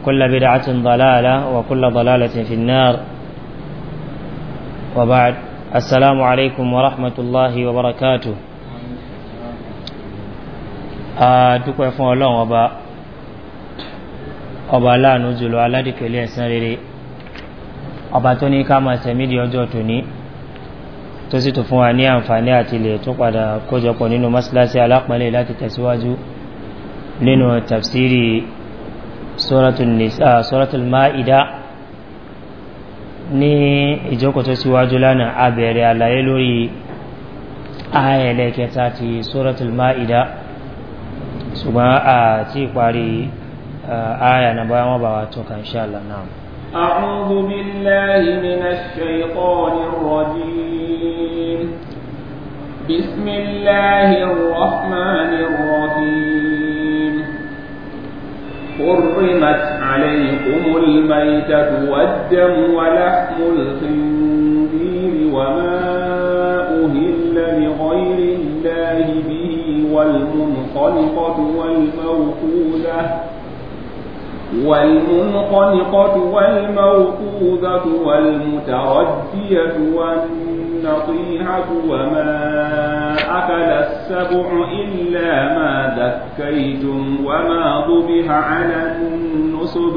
وكل بدعة ضلالة وكل ضلالة في النار وبعد السلام عليكم ورحمة الله وبركاته أدوكو يفون الله وبا ọba aláàánú jùlọ aládìkẹ̀lé ẹ̀sán rere ọba tó ní ká máa tẹ̀mídìí ọjọ́ tòní tó sì tó fún wa ní àǹfààní àti ilẹ̀ tó padà kójọpọ̀ nínú mọ́síláṣí alápọ̀lẹ̀ láti tẹ̀síwájú nínú tafsiri Ah, suratul ma'ida ní ìjókòó tó síwájú lánàá a bẹ̀rẹ̀ àlàyé lórí ayẹlẹ́kẹta ti suratul ma'ida ṣùgbọ́n a ti parí aya na bayan wọ́n bá wa tó kan ṣe أعوذ بالله من الشيطان الرجيم بسم الله الرحمن الرحيم حرمت عليكم الميتة والدم ولحم الخنزير وما أهل لغير الله به والمنخلقة والموقوذة والمنخلقة والموقوذة والمتردية والنطيحة وما أكل السبع إلا ما ذكيتم وما ذبح على النصب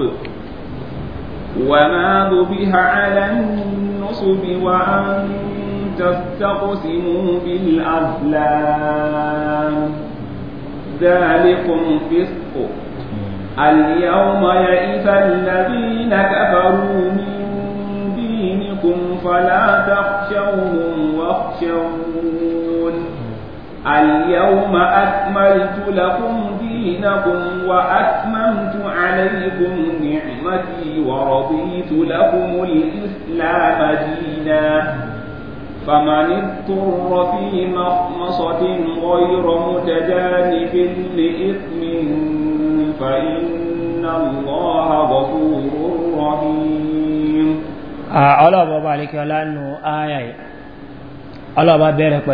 وما ذبح على النصب وأن تستقسموا بالأزلام ذلكم فسق اليوم يئس الذين كفروا من دينكم فلا تخشوهم واخشوهم اليوم أكملت لكم دينكم وأتممت عليكم نعمتي ورضيت لكم الإسلام دينا فمن اضطر في مخمصة غير متجانف لإثم فإن الله غفور رحيم أعلى بابا عليك لأنه آية أعلى بابا بيرك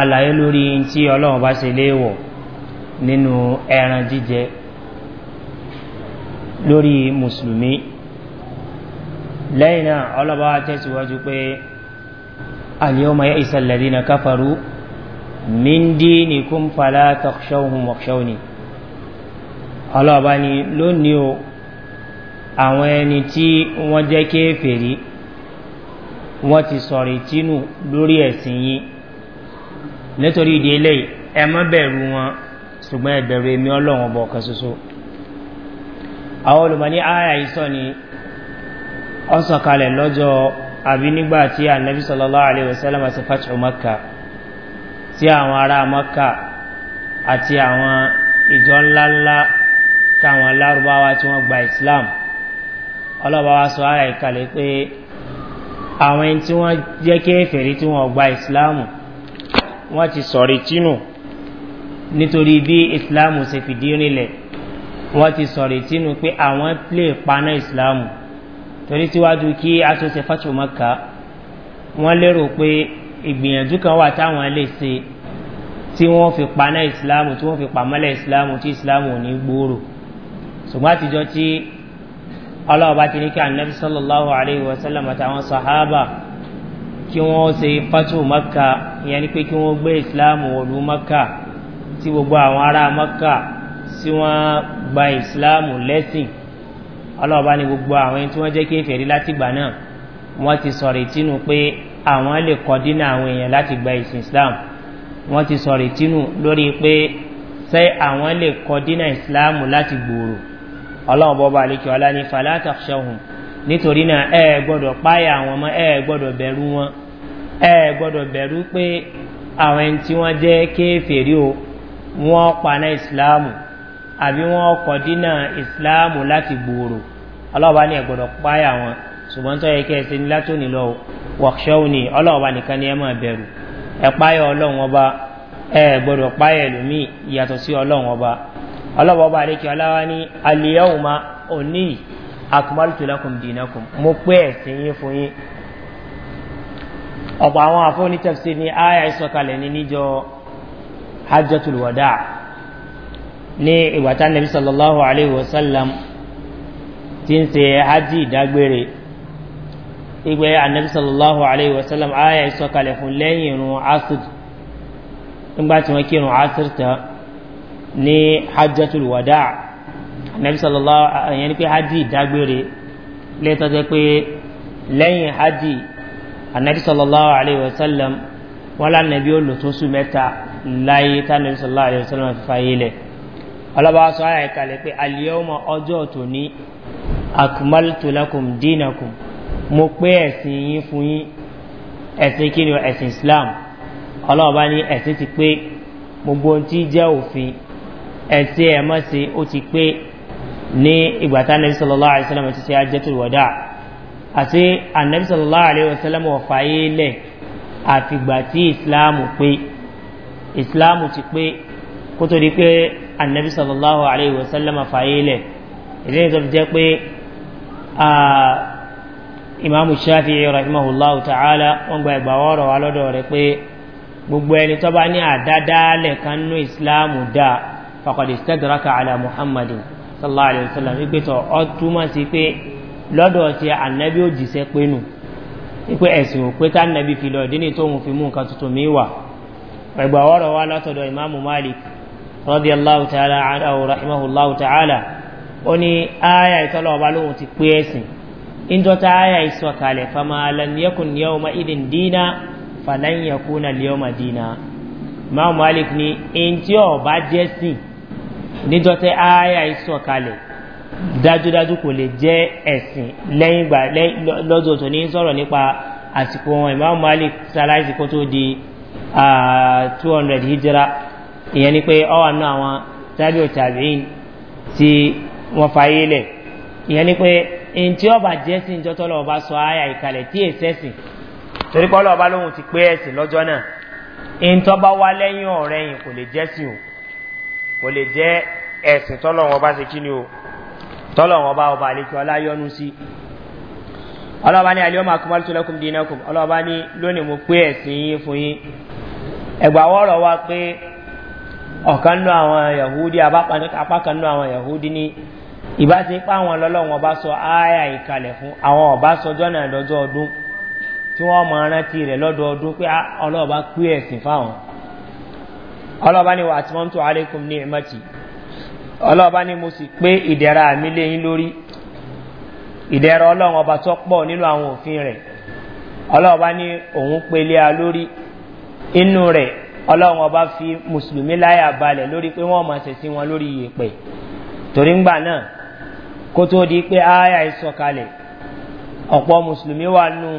àlàyé lórí tí ọlọ́run bá ṣe léèwọ̀ nínú ẹran jíjẹ lórí mùsùlùmí lẹ́yìn náà ọlọ́ba tẹ̀síwájú pé àlẹ́ọ́mọ yẹ ìsàlẹ̀dí na káfàrú míndí ní kún fàlá tọ́ṣọ́hun mọ̀ṣọ́ni ọlọ́ba ni lónìí o àwọn ẹni tí wọ́n jẹ́ kéfèrí wọ́n ti sọ̀rọ̀ ìtínú lórí ẹ̀sìn yìí nítorí ìdí eléyìí ẹ mọ́ bẹ̀rù wọn ṣùgbọ́n ẹ bẹ̀rù èmi ọlọ́run ọba ọ̀kan ṣoṣo àwọn olùmọ̀ ní ara ìsọ ni ọ sọ̀kalẹ̀ lọ́jọ́ àbí nígbà tí anabi sọlọ́lá àlẹ́ wasalam àti fatihu maka tí àwọn ará maka àti àwọn ìjọ ńláńlá táwọn lárúbáwá tí wọ́n gba islam ọlọ́ba wa sọ ara ìkàlẹ̀ pé àwọn ẹni tí wọ́n jẹ́ kéfèrè tí wọ́n gba islam wọ́n ti sọ̀rí tínú nítorí bí ìsìláàmù ṣe fìdí rinlẹ̀ wọ́n ti sọ̀rí tínú pé àwọn lè paná ìsìláàmù torí síwájú kí a tó ṣe fàṣọmọ́ka wọ́n lérò pé ìgbìyànjú kan wà táwọn lè ṣe tí wọ́n fi paná ìsìláàmù tí wọ́n fi pàmọ́lẹ̀ ìsìláàmù tí ìsìláàmù ò ní gbòòrò ṣùgbọ́n àtijọ́ tí ọlọ́ọ̀bá ti ní kí anabi sallallahu alayhi wa sallam àtàwọn sahaba kí wọ́n ṣe fatu maka ìyẹn ni pé kí wọ́n gbé ìsìláàmù wọ̀lú maka tí gbogbo àwọn ará maka tí wọ́n gba ìsìláàmù lẹ́sìn ọlọ́ọ̀bá ni gbogbo àwọn tí wọ́n jẹ́ kéfèrí látìgbà náà wọ́n ti sọ̀rọ̀ ìtinú pé àwọn lè kọ́ dínà àwọn èèyàn láti gba ìsìn islam wọ́n ti sọ̀rọ̀ ìtinú lórí pé ṣé àwọn lè kọ́ dínà islam láti gbòòrò ọlọ́ọ̀bọ̀ bá àlekè ọlá ní falata ṣẹ́hùn nítorí náà ẹ gbọ́dọ̀ páyà àwọn ọmọ ẹ gbọ́dọ̀ bẹ̀rù wọn ẹ gbọ́dọ̀ bẹ̀rù pé àwọn ẹni tí wọ́n jẹ́ kéfèrí o wọ́n paná ìsìláàmù àbí wọ́n kọ̀ dínà ìsìláàmù láti gbòòrò ọlọ́ọ̀bá ni ẹ gbọ́dọ̀ páyà wọn ṣùgbọ́n tó yẹ kí ẹ ṣe ní látòní lọ wọ̀ṣọ́ọ̀ ni ọlọ́ọ̀bá nìkan ni ẹ máa bẹ̀rù ẹ páyà ọlọ́run ọba ẹ gbọ́dọ̀ páyà ẹlòmíì yàtọ̀ sí ọlọ́run ọba ọlọ́ọ̀bá ọba àdékè ọláwá ní aliyahuma òní yìí akumaltu lakum dinakum mo pé ẹ̀sìn yín fún yín ọ̀pọ̀ àwọn àfọ́ní tẹ̀sí ní àyà ìsọ̀kalẹ̀ ní níjọ hajjatul wada ní ìgbàtà nàbí sallallahu alaihi wasallam tí ń se hajji ìdágbére ìgbé ànàbí sallallahu alaihi wasallam àyà ìsọ̀kalẹ̀ fún lẹ́yìn irun asir nígbà tí wọ́n kírun asir ta ní hajjatul wada' anabi sallallahu àyẹn ni pé hajj dágbére lẹ́tọ́ jẹ́ pé lẹ́yìn hajj anabi sallallahu alayhi wa sallam wọn lá nàbí ó lò tó sùn mẹ́ta láyé tá anabi sallallahu alayhi wa sallam fi fàyè lẹ̀ ọlọ́ba sọ ayà ìkàlẹ̀ pé àlìyẹ́wọ́mọ ọjọ́ tòní akumaltu lakum dinakum mo pé ẹ̀sìn yín fún yín ẹ̀sìn kí ni ẹ̀sìn islam ọlọ́ọ̀bá ní ẹ̀sìn ti pé gbogbo ohun tí jẹ́ òfin ẹ̀sìn ẹ̀mọ́sìn ó ti pé ní ìgbà tá anabi sallallahu alayhi wa sallam ti ṣe ajẹ́tò wọ̀dà àti anabi sallallahu alayhi wa sallam ọ̀fà yìí lẹ̀ àfìgbà tí ìsìláàmù pé ìsìláàmù ti pé kó tó di pé anabi sallallahu alayhi wa sallam ọ̀fà lẹ̀ ìdí ni tó jẹ́ pé imaamu shafi'i rahimahullahu ta'ala wọn gba ẹgbà ọrọ̀ wa lọ́dọ̀ rẹ̀ pé gbogbo ẹni tó ní àdádálẹ̀ kan nú ìsìláàmù dá fàkọ̀dé sẹ́dọ̀rọ̀kà àlà muhammadin sallallahu alayhi wa sallam wípé tọ ọ túmọ̀ sí pé lọ́dọ̀ ti ànábì ò jíṣẹ́ pé nù wípé ẹ̀sìn ò pé tánàbí fi lọ ìdí ni tóun fi mú nǹkan tuntun mi wà ẹgbà ọ̀rọ̀ wa látọ̀dọ̀ ìmáàmù malik rọ́dí aláwù tààlà àdáwò rahimahuláwù tààlà ó ní ààyà ìtọ́lọ̀ ọba lóhun ti pé ẹ̀sìn ìjọta ààyà ìsọ̀kalẹ̀ fama alanyekun yawma idin dina falanyekuna liyoma dina níjọ́ tẹ́ aya ìsọ̀kalẹ̀ dájúdájú kò lè jẹ́ ẹ̀sìn lẹ́yìn gbà lọ́dọ̀ tó ní sọ̀rọ̀ nípa àsìkò wọn ìmáàmù malik sáláìsì kó tó di two hundred hijira ìyẹn ni pé ọwọ́ àánú àwọn tábí ò tàbí tí wọ́n fàyè lẹ̀ ìyẹn ni pé ntí ọba jẹ́sì ń jọ́tọ́ lọ́wọ́ bá sọ aya ìkàlẹ̀ tí èsì ẹ̀sìn torí pé ọlọ́ọ̀bá lóhùn ti pé ẹ̀sìn lọ́jọ́ náà ntọ́ bá wá lẹ́yìn ọ̀rẹ́yìn kò lè jẹ́sìn o kò lè jẹ́ ẹ̀sìn tọ́lọ̀wọ̀n bá ṣe kí ni o tọ́lọ̀wọ̀n bá ọba àlejò aláyọ́nú sí ọlọ́ba ní alẹ́ ọmọ akọmọlẹ́ tó lẹ́kùn dín náà ọlọ́ba ní lónìí mo pé ẹ̀sìn yín fún yín ẹgbàwọ́ ọ̀rọ̀ wa pé ọ̀kan nú àwọn yahudi apákan nú àwọn yahudi ní ìbá ti pa àwọn lọ́lọ́wọ́n wọ́n mọ arántí rẹ̀ lọ́dọọdún pé ah, ọlọ́ọ̀bá pé ẹ̀sìn fáwọn ọlọ́ba ni wà á ti mọ́ tó aleikum ní ìmọ̀tì ọlọ́ba ni mo sì pé ìdẹ́ra mi léyìn lórí ìdẹ́ra ọlọ́run ọba tó pọ̀ nínú àwọn òfin rẹ̀ ọlọ́ba ni òun pelé a lórí inú rẹ̀ ọlọ́run ọba fi mùsùlùmí láyà balẹ̀ lórí pé wọ́n máa ṣẹ̀sìn wọn lórí ìyèpẹ̀ torí ńgbà náà kó tó di pé ááyà ìsọ̀kalẹ̀ ọ̀pọ̀ mùsùlùmí wà nù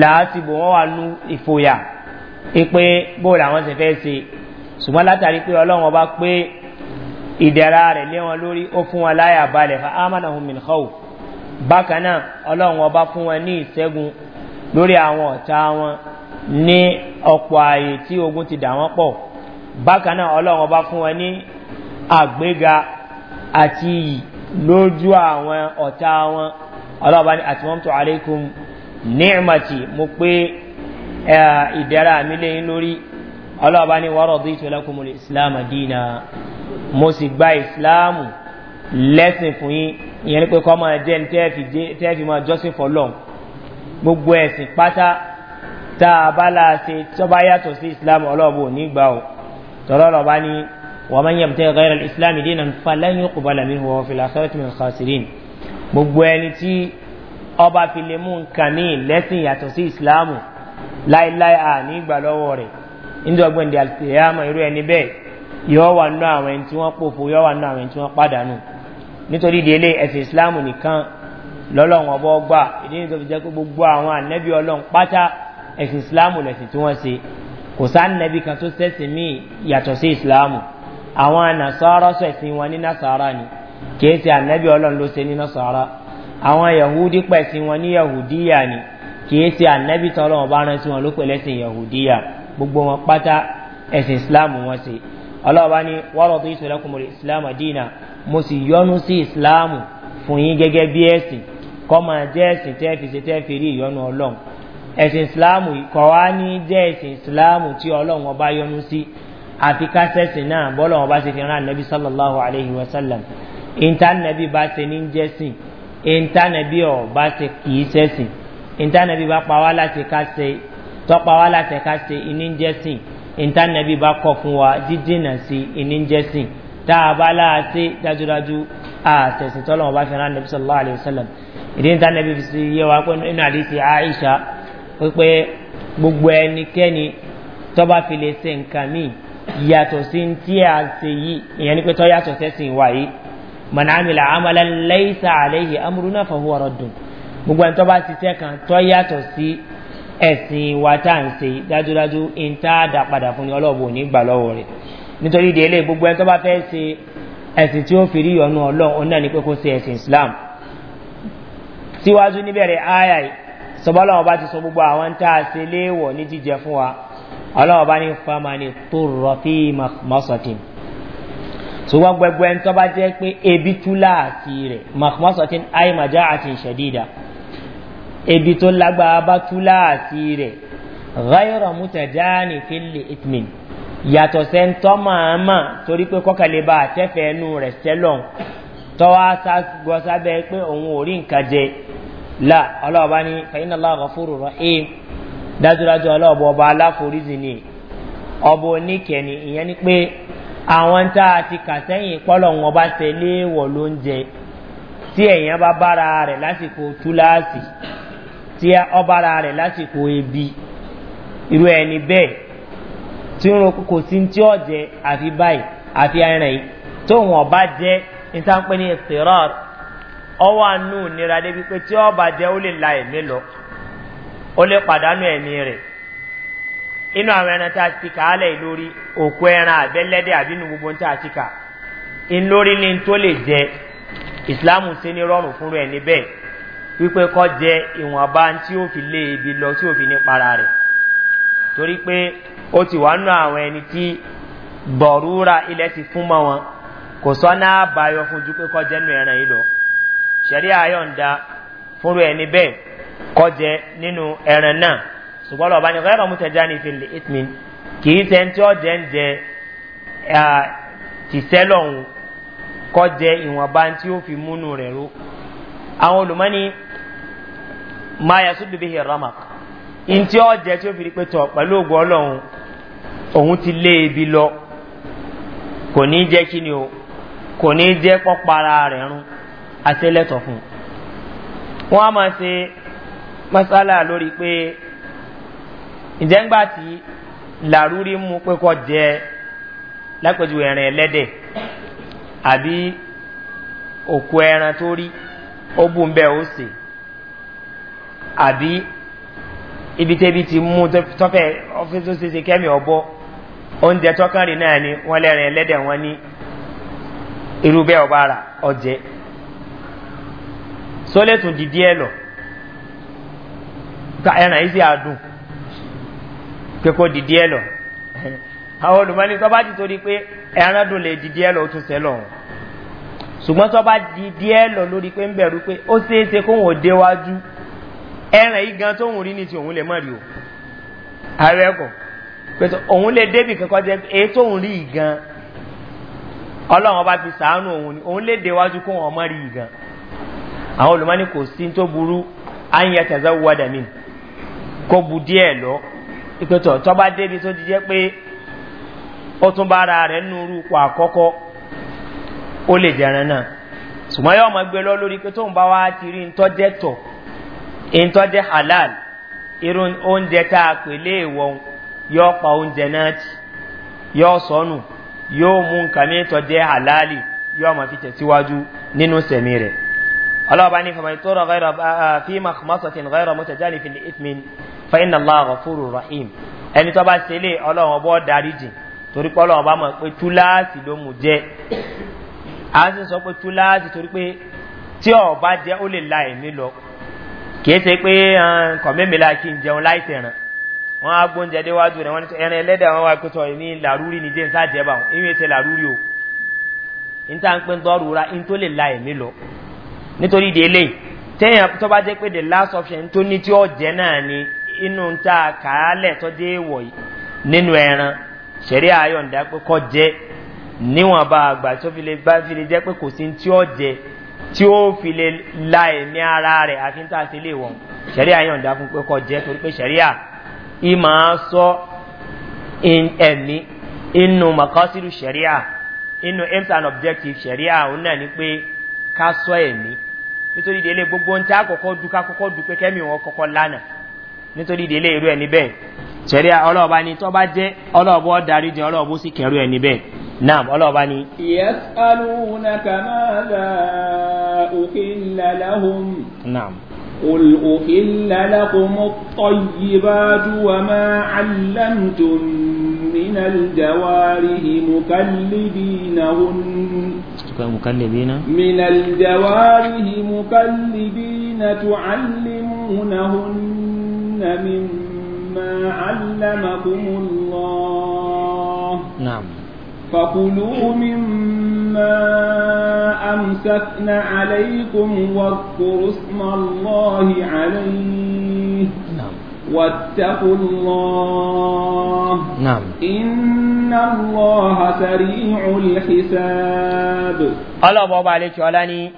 làásìbò wọn wà nù ìfòyà ipe bó làwọn sì fẹ́ ṣe ṣùgbọ́n látàrí pé ọlọ́run ọba pé ìdẹ̀ra rẹ̀ lé wọn lórí ó fún wọn láyà balẹ̀ fa amanahun minhau bákan ọlọ́run ọba fún wọn ní ìṣẹ́gun lórí àwọn ọ̀tá wọn ní ọ̀pọ̀ ààyè tí ogun ti dà wọ́n pọ̀ bákan ọlọ́run ọba fún wọn ní àgbéga àti iyì lójú àwọn ọ̀tá wọn ọlọ́run ọba ní àtìmọ́tò aleikum ní ìmọ̀tì mo pé ìdẹ́ra mi lé yín lórí ọlọ́ọ̀bá ní wọ́rọ̀ bí ìtura kò mú islam dínà mo sì gba islam lẹ́sìn fún yín ìyẹn ní pé kọ́ máa jẹ́ ní tẹ́ẹ̀fì máa jọ́sìn fọlọ́ gbogbo ẹ̀sìn pátá tá a bá la tó bá yàtọ̀ sí islam ọlọ́ọ̀bù ní gbà ó tọ́lọ́ ní wọ́n máa ń yẹ̀mú tẹ́ẹ̀ gẹ́rẹ́ islam dínà falẹ́yìn kò bá láéláé à ní ìgbà lọ́wọ́ rẹ̀ níjọ́ gbẹ̀ndé àtẹ̀yàmọ̀ irú ẹni bẹ́ẹ̀ yọ wà nù àwọn ẹni tí wọ́n pòfo yọ wà nù àwọn ẹni tí wọ́n pàdánù nítorí délé ẹ̀sìn islam nìkan lọ́lọ́run ọbọ̀ gbà ìdí nítorí fi jẹ́ pé gbogbo àwọn ànẹ́bí ọlọ́run pátá ẹ̀sìn islam lẹ̀sìn tí wọ́n ṣe kò sá ànẹ́bí kan tó sẹ́sìn míì yàtọ̀ sí islam àwọn ànàsọ́rọ́ sọ ẹ̀sìn wọn ní nasara ni kì í ṣe ànẹ́bí ọlọ́run ló ṣe ní nasara àwọn yahudi pẹ̀sìn wọn ní yahudiya ni. Yahudi, yani kìí ṣe ànábì tán ọlọ́wọ́n bá rán sí wọn ló pè lẹ́sìn yahudiya gbogbo wọn pátá ẹ̀sìn islam wọn ṣe ọlọ́wọ́ bá ní wọ́rọ̀ tó ìṣòro ẹkùnrin islam dina mo sì yọnu sí islam fún yín gẹ́gẹ́ bí ẹ̀sìn kọ́ máa jẹ́ ẹ̀sìn tẹ́ fi ṣe tẹ́ fi rí ìyọnu ọlọ́run ẹ̀sìn islam kọ́ wá ní jẹ́ ẹ̀sìn islam tí ọlọ́run ọba yọnu sí àfi kásẹ̀sìn náà bọ́lọ́run ọba ṣe fi rán ànábì sallallahu alayhi wa sallam ìntànàbí bá ṣe ní jẹ́sìn ìntànàbí ọ̀ bá ṣe kì ṣẹ́sìn ìntànàbí bá pa wá láti ká ṣe tọ́pa wá láti ká ṣe ìníjẹ́sìn ìntànàbí bá kọ̀ fún wa jíjìnà sí ìníjẹ́sìn tá a bá láàṣẹ dájúdájú àtẹ̀sìn tọ́lọ́wọ́n bá fi rán nàbí sọ̀rọ̀ àlẹ́ sọ̀lọ̀m ìdí ìntànàbí fi ṣe yẹ wá pé nínú àdìsí àìsà gbogbo ẹnikẹ́ni tọ́ba fi lè ṣe nǹkan míì yàtọ̀ a ṣe yìí ìyẹn ni pé tọ́ yàtọ̀ sẹ́sìn wáyé mọ̀nàmìlà amalan lẹ́yìn sàlẹ̀ yìí amúrúnáfà hùwà rọ̀dùn gbogbo ẹni tó bá ṣiṣẹ́ kan tó yàtọ̀ sí ẹ̀sìn wa tá à ń ṣe dájúdájú ń tá a dà padà fún ni ọlọ́ọ̀bù ò ní gbà lọ́wọ́ rẹ̀ nítorí ìdílé gbogbo ẹni tó bá fẹ́ ṣe ẹ̀sìn tí ó fi rí ìyọnu ọlọ́run òun náà pé kó ṣe ẹ̀sìn islam síwájú níbẹ̀rẹ̀ àyà sọ́bọ́lá ọba ti sọ gbogbo àwọn tá a ṣe léèwọ̀ ní jíjẹ fún wa ọlọ́run ọba ní fama ni tó rọ fí mọ́sọ̀tì ṣùgbọ́n gbẹgbẹ́ ń tọ́ bá jẹ́ pé ebi tú láàtì rẹ̀ mọ́sọ̀tì àyè màjá àti ìṣẹ̀dídà ebi tó lágbára bá tú láàsì rẹ̀ ghayra mutajani fili itmin yàtọ̀ sẹ́ńtọ́ màámà torí pé kọ́kàlẹ́ bá àtẹ́fẹ́ ẹnu rẹ̀ sẹ́lọ̀n tọ́wọ́ gbọ́sábẹ́ pé òun ò rí nǹkan jẹ la ọlọ́ọ̀bá ní fẹ̀yìn náà lọ́wọ́ fúru rọ ẹ́ dájúdájú ọlọ́ọ̀bá ọba aláforíjì ni ọba oníkẹ́ni ìyẹn ni pé àwọn tá a ti kà sẹ́yìn pọ́lọ̀ wọn bá tẹ̀lé wọ̀ lóúnjẹ tí ẹ̀yìn bá bára rẹ̀ lásìkò túláàsì. tí ọbara rẹ̀ lásìkò ebi irú ẹni bẹ́ẹ̀ tí ń ro kò sí tí ó jẹ àfi báyìí àfi ẹran yìí tóun ọba jẹ ìtànpẹ́ ní ìsirọ́ọ̀t ọwọ́ àánú nira débi pé tí ọba jẹ ó lè la ẹ̀mí lọ ó lè pàdánù ẹ̀mí rẹ̀ inú àwọn ẹran tá a ti kà á lẹ̀ lórí òkú ẹran àbẹ́lẹ́dẹ̀ àbínú gbogbo tá a ti kà ń lórí ní tó lè jẹ ìsìláàmù sí ní rọrùn fúnra ẹni bẹ́ẹ̀. wípé kọ́ jẹ ìwọ̀nba tí ó fi lé lọ tí ó fi rẹ̀ torí ti wà nù àwọn ẹni tí ilẹ̀ ti fún mọ́ wọn kò sọ́nà àbáyọ fún na pé kọ́ jẹ́ nù ẹran yìí lọ ṣẹ̀rí àyọ̀ǹda fúnru ẹni bẹ́ẹ̀ kọ́ jẹ nínú ẹran náà ṣùgbọ́n lọ́ba ní ọ̀gá mú tẹ̀já ní ìfìlẹ̀ ìtìmí kì í ń ń máa yà sódò bíi ramak ntí ọjà tí ó fi rí pé tọ pẹ̀lú ògùn ọlọ́run òun ti lé ebi lọ kò ní jẹ́ kí ni o kò ní jẹ́ pọ́pa ara rẹ̀ rún àtẹ́lẹ́tọ̀ fún un. wọ́n á máa ṣe masala lórí pé ǹjẹ́ ìjẹ́ngbà tí làrúrí mú pé kọ́ jẹ lápẹ̀jù ẹ̀rìn ẹlẹ́dẹ̀ àbí òkú ẹran tó rí ó bù ń bẹ́ẹ̀ ó sè àbí ibi tẹ́bi ti mú tọ́fẹ́ ọ́fíìsì ṣiṣẹ́ kẹ́mi ọ̀bọ oúnjẹ tọ́kànrin náà ni wọ́n lẹ́rìn ẹlẹ́dẹ̀ wọn ní irú bẹ́ẹ̀ ọ̀jẹ́ sólẹ́tùn ẹ̀ lọ ẹran yìí sì àdùn kékó dìdí ẹ̀ lọ àwọn olùmọ́ni tọ́ lọ tún sẹ́ ṣùgbọ́n bá ẹ̀ lọ ẹran yìí gan tó ń rí ti òun lè rí o ààrẹ ẹkọ pẹtù òun lè débì kankan jẹ èyí tó ń rí gan ọlọ́run ọba ti sàánú òun ni òun lè déwájú kó wọn má rí gan àwọn olùmọ́ni kò sí tó burú àyìn mi kó bu díẹ̀ lọ ìpẹtù tọ́ba débi tó ti jẹ́ pé ó tún bá ara rẹ̀ nú rúkọ àkọ́kọ́ ó lè jẹran náà gbé lọ lórí pé tóun bá wá ti rí ń ìtọ́jẹ́ halal irú oúnjẹ tá a pè lé ìwọ̀n yóò pa oúnjẹ náà tì yóò sọnù yóò mú nǹkan mi tọ́jẹ́ halali yóò máa fi tẹ̀síwájú nínú sẹ̀mí rẹ̀ ọlọ́ọ̀bá ní fàmà ìtọ́rọ̀ fi mahmasatin ghayra mutajani fi ifmin fa inna allah ghafuru rahim ẹni tó bá ṣe lé ọlọ́run ọbọ̀ darí jìn torí pé ọlọ́run ọba mọ̀ pé túláàsì ló mú jẹ́ a sì sọ pé túláàsì torí pé tí ọba jẹ́ ó lè la ẹ̀mí lọ kìí ṣe pé kọ̀mẹ́mìlá kí n jẹun láìsẹ̀ ràn wọ́n á gbóúnjẹ déwájú rẹ̀ wọ́n ní ẹran ẹlẹ́dẹ̀ wọn wá pẹ́tọ́ ní làrúrí ní jẹ́ nsá jẹ́ bá wọn ìwé ṣe làrúrí o n ta ń ń dọ́rù ra n tó lè la ẹ̀mí lọ nítorí ìdí tẹ́yìn tó bá jẹ́ pé the last option tó ní tí ó jẹ́ náà ni inú ń ta kàálẹ̀ tó dé wọ̀ yìí nínú ẹran ṣẹ̀rí ayọ̀ǹda pé kọ́ jẹ́ níwọ̀nba àgbà tó fi lè jẹ́ pé kò sí ní tí ó jẹ́ tí ó fi lè la ẹ̀mí ara rẹ̀ àfi ń tà sí ilé wọn sẹ̀ríà yọ̀ǹda fún pé kọ́ jẹ́ torí pé sẹ̀ríà ìmọ̀ sọ ẹ̀mí inú Inu inú aims and objectives sẹ̀ríà òun náà ni pé ká sọ ẹ̀mí nítorí gbogbo ń tí àkọ́kọ́ du ká kọ́kọ́ pé kẹ́mi wọn kọ́kọ́ lánà nítorí ìdílé irú ẹni bẹ́ẹ̀ ọlọ́ọ̀bá ni tọ́ bá jẹ́ ọlọ́ọ̀bọ́ darí naam ọlọ́ọ̀bá ni. yasalunaka maza uhilla lahum. naam. قل أحل لكم الطيبات وما علمتم من الجوارح مكلبينهن مكلبين من الجوارح مكلبين تعلمونهن مما علمكم الله نعم فكلوا مما أمسكنا عليكم واذكروا اسم الله عليه نعم واتقوا الله نعم إن الله سريع الحساب الله بابا عليك ولاني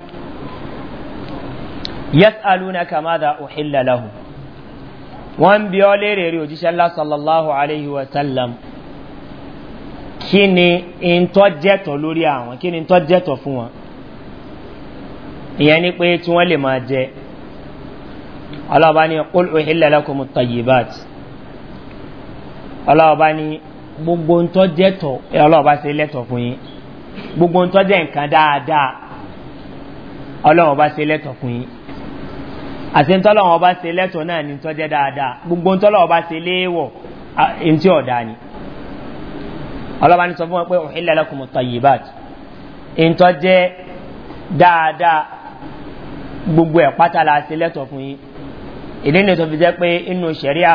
يسألونك ماذا أحل لهم وان بيولي ريريو جيش الله صلى الله عليه وسلم kí ni ntọ́ jẹ́tọ̀ lórí àwọn kí ni ntọ́ jẹ́tọ̀ fún wọn ìyẹn ni pé tí wọ́n lè máa jẹ ọlọ́ọ̀bá ni kúl òhìlẹ̀ lẹ́kọ̀ọ́ mu tọ̀yì báàtì ọlọ́ọ̀bá ni gbogbo ntọ́ jẹ́tọ̀ ọlọ́ọ̀bá ṣe lẹ́tọ̀ fún yín gbogbo ntọ́ jẹ́ nǹkan dáadáa ọlọ́ọ̀bá ṣe lẹ́tọ̀ fún yín àti ntọ́lọ́wọ́ bá ṣe lẹ́tọ̀ náà ni ntọ́ jẹ́ dáadáa gbogbo ntọ́lọ́wọ́ bá ṣe léèwọ̀ ntí ọ̀dà ni ọlọ́ba ní sọ fún wọn pé òhìnlẹ̀ lọ́kùnmọ̀ tọ̀yìbàt ìntọ́ jẹ́ dáadáa gbogbo ẹ̀ pátá la ṣe lẹ́tọ̀ fún yín ìdí ni tó fi jẹ́ pé inú sẹ̀ríà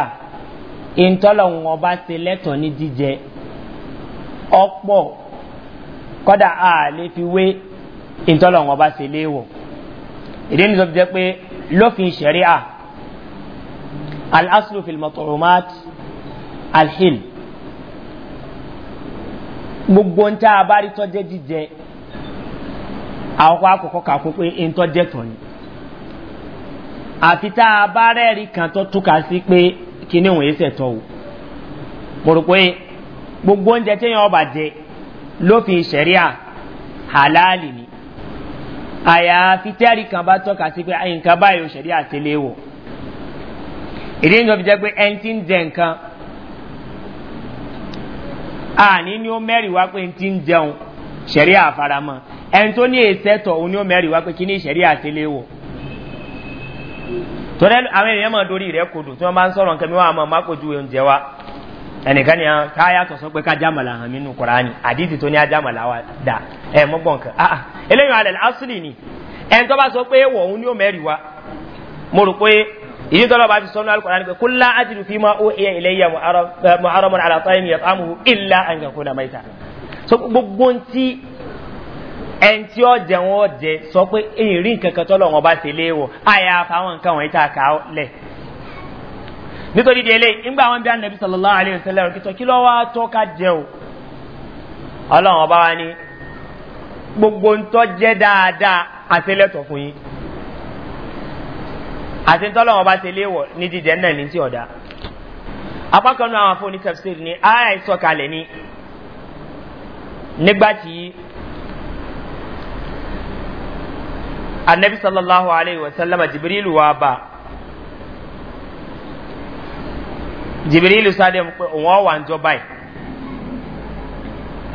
ìntọ́lọ́hún ọba ṣe lẹ́tọ̀ ní jíjẹ ọ̀pọ̀ kọ́dà a fi wé ìntọ́lọ́hún ọba ṣe léèwọ̀ ìdí ni tó fi jẹ́ pé lófin sẹ̀ríà al-aslu fil mọ̀tòròmát gbogbo ń tá a bá rí tọ́jẹ́ jíjẹ àwọn akọ̀kọ́ kà fún pé ń tọ́jẹ́ tọ̀ ni àfi tá a bá rẹ́ẹ̀rí kan tó túkà sí pé kíní òun ẹsẹ̀ tọ̀ o mo rò pé gbogbo oúnjẹ téèyàn ọba jẹ lófin ìṣẹ̀ríà halali ni àyàfi tẹ́ẹ̀rí kan bá tọ́ka sí pé nǹkan báyìí ò ṣẹ̀ríà tẹ́lẹ̀ wọ̀ ìdí nìkan fi pé ẹni tí ń jẹ nǹkan àní ni ó mẹ́rin wá pé ti ń jẹun ṣẹ̀rí àfaramọ́ ẹni tó ní ìṣẹ́tọ̀ òun ni ó mẹ́rin wá pé kí ní ìṣẹ̀rí àtẹlẹ́ wọ̀ torí àwọn èèyàn máa dorí rẹ̀ kodò tí wọ́n bá ń sọ̀rọ̀ nǹkan mi wọ́n á má kojú oúnjẹ wa ẹnìkan ni àwọn káyà tó sọ pé kájàmàlà hàn mí nù kúránì àdìsí tó ní àjàmàlà wa dà ẹ mọ́gbọ̀n nǹkan ah, ah. eléyìí alẹ́ asúlì ni ẹni tó bá sọ pé wọ̀ òun ni ó mẹ́rin wá mo rò pé èyí tọ́lọ́ bá fi sọ́nà alukọ̀rán pé kúlá ájìlú fi máa ó iya ilé ya eh, mu'aramun alatsayin ya tsamu illa an ga kuna maita so gbogbo ti ẹn tí ó jẹ wọn jẹ sọ pé èrì nǹkan kan tọ́lọ̀ wọn bá ṣe léwọ̀ àyà fáwọn nǹkan wọn ìta kà lẹ̀ nítorí di eléyìí ńgbà wọn bí anabi sallallahu alayhi wa sallam kìtọ̀ kí lọ́ wá tọ́ ká jẹ o ọlọ́run wa ni gbogbo ń tọ́ jẹ́ dáadáa àtẹlẹ́tọ̀ fún yín àti ntọ́lọ́wọ́n bá ṣe léwọ̀ ní jíjẹ náà ní tí ọ̀dà apákanu àwọn afọ́ni tafsir ni aya ìsọ̀kalẹ̀ ni nígbàtí anabi sallallahu alayhi wa sallam jibril wa ba jibril sáré wọn wà ń jọ báyìí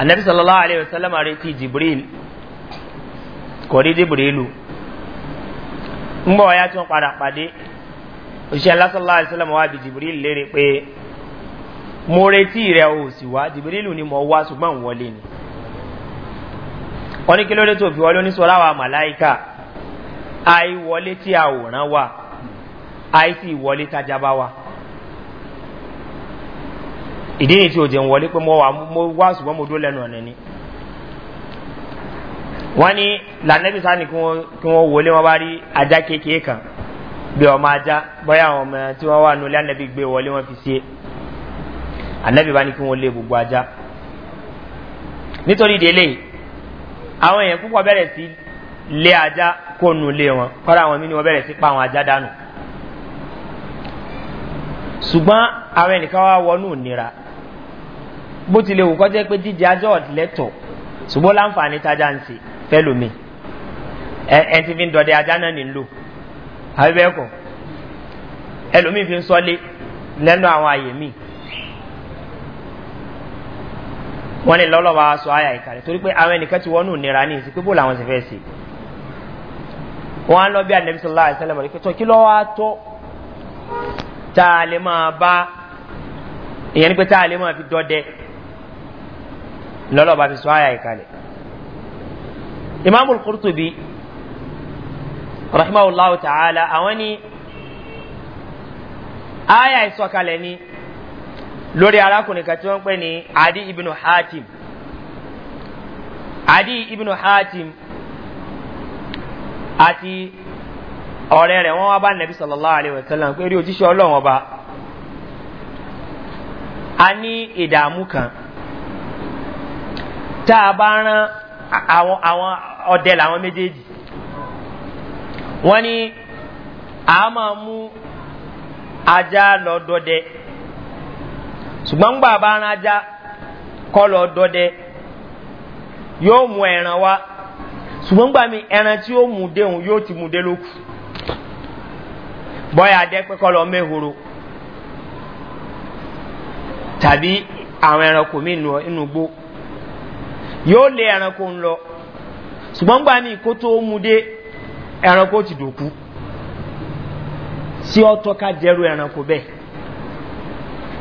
anabi sallallahu alayhi wa sallam retí jibril kò rí jibrilu ńgbọ́ ọ̀yá tí wọ́n padà pàdé òṣìṣẹ́ lásánlá àìsílẹ̀ mọ́ wá bí jibril lérè pé mo retí rẹ̀ ò sì wá jibril ni mo wá ṣùgbọ́n wọlé ni wọ́n ní kí lóde tó fi wọlé oníṣọ́lá wa màláìka àìwọlé tí àwòrán wà àìsí ìwọlé tajaba wa ìdí ni tí ò jẹun wọlé pé mo wá ṣùgbọ́n mo dó lẹ́nu ọ̀nà ni. Wani ní lànàbí sani kí wọ́n wọlé wọn bá rí ajá kékeré kan bí ọmọ ajá bóyá àwọn ọmọ tí wọ́n wà nulẹ̀ ànàbí gbé wọlé wọn fi ṣe ànàbí bá ní kí wọ́n lé gbogbo ajá nítorí délé àwọn èèyàn púpọ̀ bẹ̀rẹ̀ sí lé ajá kó nulẹ̀ wọn kọ́ra àwọn mímu wọn bẹ̀rẹ̀ sí pa àwọn ajá dànù ṣùgbọ́n àwọn ẹnìkan wá wọnú ìnira bó tilẹ̀ wù kọ́ pé jíjẹ ajá ọ̀dìlẹ́tọ̀ ṣùgbọ́n láǹfààní tájá ń ṣe fẹ́lómi ẹn ti fi ń dọdẹ ajá náà nílò àbí bẹ́ẹ̀ kọ́ ẹlòmíì fi ń sọ́lé lẹ́nu àwọn àyè míì wọ́n lè lọ́lọ́wọ́ aṣọ àyà ìkàlẹ̀ torí pé àwọn ẹnìkan ti wọ́n nù nira ní ìsìnkú bò làwọn sì fẹ́ sí wọ́n lọ bí anabi sallallahu alayhi wa sallam kí lọ́wọ́ á tá a lè máa bá ìyẹn ni pé tá a lè máa fi dọ́dẹ lọ́lọ́wọ́ fi sọ àyà ìkàlẹ̀ imamul qurtubi rahimahullahu ta'ala àwọn ni aya ìsọkalẹ̀ ni lórí arákùnrin kan tí wọ́n pè ní adi ibn hatim adi ibn hatim àti ọ̀rẹ́ rẹ̀ wọ́n wá bá nàbí sallallahu alayhi wa sallam pé rí òjíṣẹ́ ọlọ́run ọba a ní ìdààmú kan tá a bá rán àwọn ọdẹ làwọn méjèèjì wọn ni a máa mú ajá lọ dọdẹ ṣùgbọ́n gbà bá ń ajá kọ́ lọ dọdẹ yóò mú ẹran wá ṣùgbọ́n gbà mí ẹran tí ó mú déhùn yóò ti mú dé lókù bọ́yà adé pẹ́kọ́ lọ mẹ́horo tàbí àwọn ẹranko mi nù inú gbó yóò lé ẹranko ń lọ. ṣùgbọ́n gbà ní kó tó mú dé ẹranko ti dòkú sí ọtọ́ ká jẹ́rú ẹranko bẹ́ẹ̀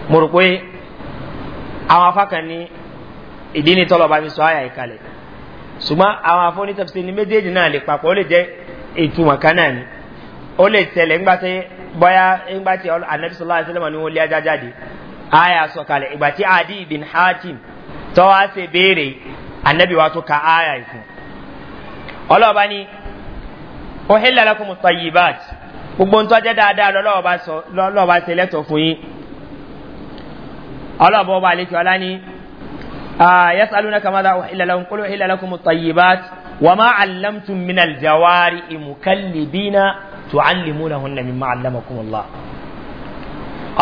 mo rò pé àwọn afákan ní ìdí ní tọ́lọ̀ bá mi sọ àyà ìkàlẹ̀ ṣùgbọ́n àwọn afọ́nítàfíṣe ní méjèèjì náà lè papọ̀ ó lè jẹ́ ìtumọ̀ kan náà ni ó lè tẹ̀lé ńgbà tí bọ́yá ńgbà tí anabisọ́lá àṣẹlẹ̀mọ̀ ni wọ́n lé ajá jáde àyà sọ̀kalẹ̀ ìgbà tí adi ibn hatim tọ́wọ́ á ṣe béèrè anabi tó ka àyà ìfún ọlọ́ọ̀bá ni ó hílẹ̀ lọ́kùn mú sọyí bat gbogbo ń tọ́jẹ́ dáadáa lọ́lọ́ọ̀bá ṣe lẹ́tọ̀ fún yín ọlọ́ọ̀bá ọba àlejò ọlá ni yasaluna kamada ó hílẹ̀ lọ́kùn kúló hílẹ̀ lọ́kùn mú sọyí bat wà má alamtu minal jawari imukallibina tu'allimuna hunna mimma allamakum allah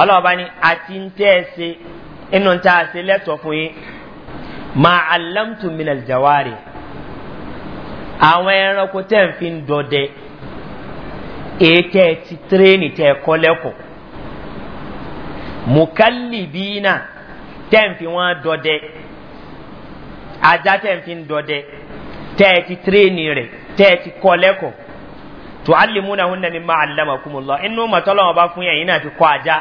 ọlọ́ọ̀bá ni àti ń tẹ́ ẹ ṣe inú ń àwọn ẹranko tẹ́ ń fi ń dọdẹ èyí tẹ́ ẹ ti tírénì tẹ́ ẹ kọ́ lẹ́kọ̀ọ́ mùkálì bíi náà tẹ́ ń fi wọ́n dọdẹ ajá tẹ́ ń fi ń dọdẹ tẹ́ ẹ ti tírénì rẹ̀ tẹ́ ẹ ti kọ́ lẹ́kọ̀ọ́ tó alimuna hun nami ma alama kumulọ inú mọ̀tọ́lọ́wọ́ bá fún yẹn yìí náà fi kọ́ ajá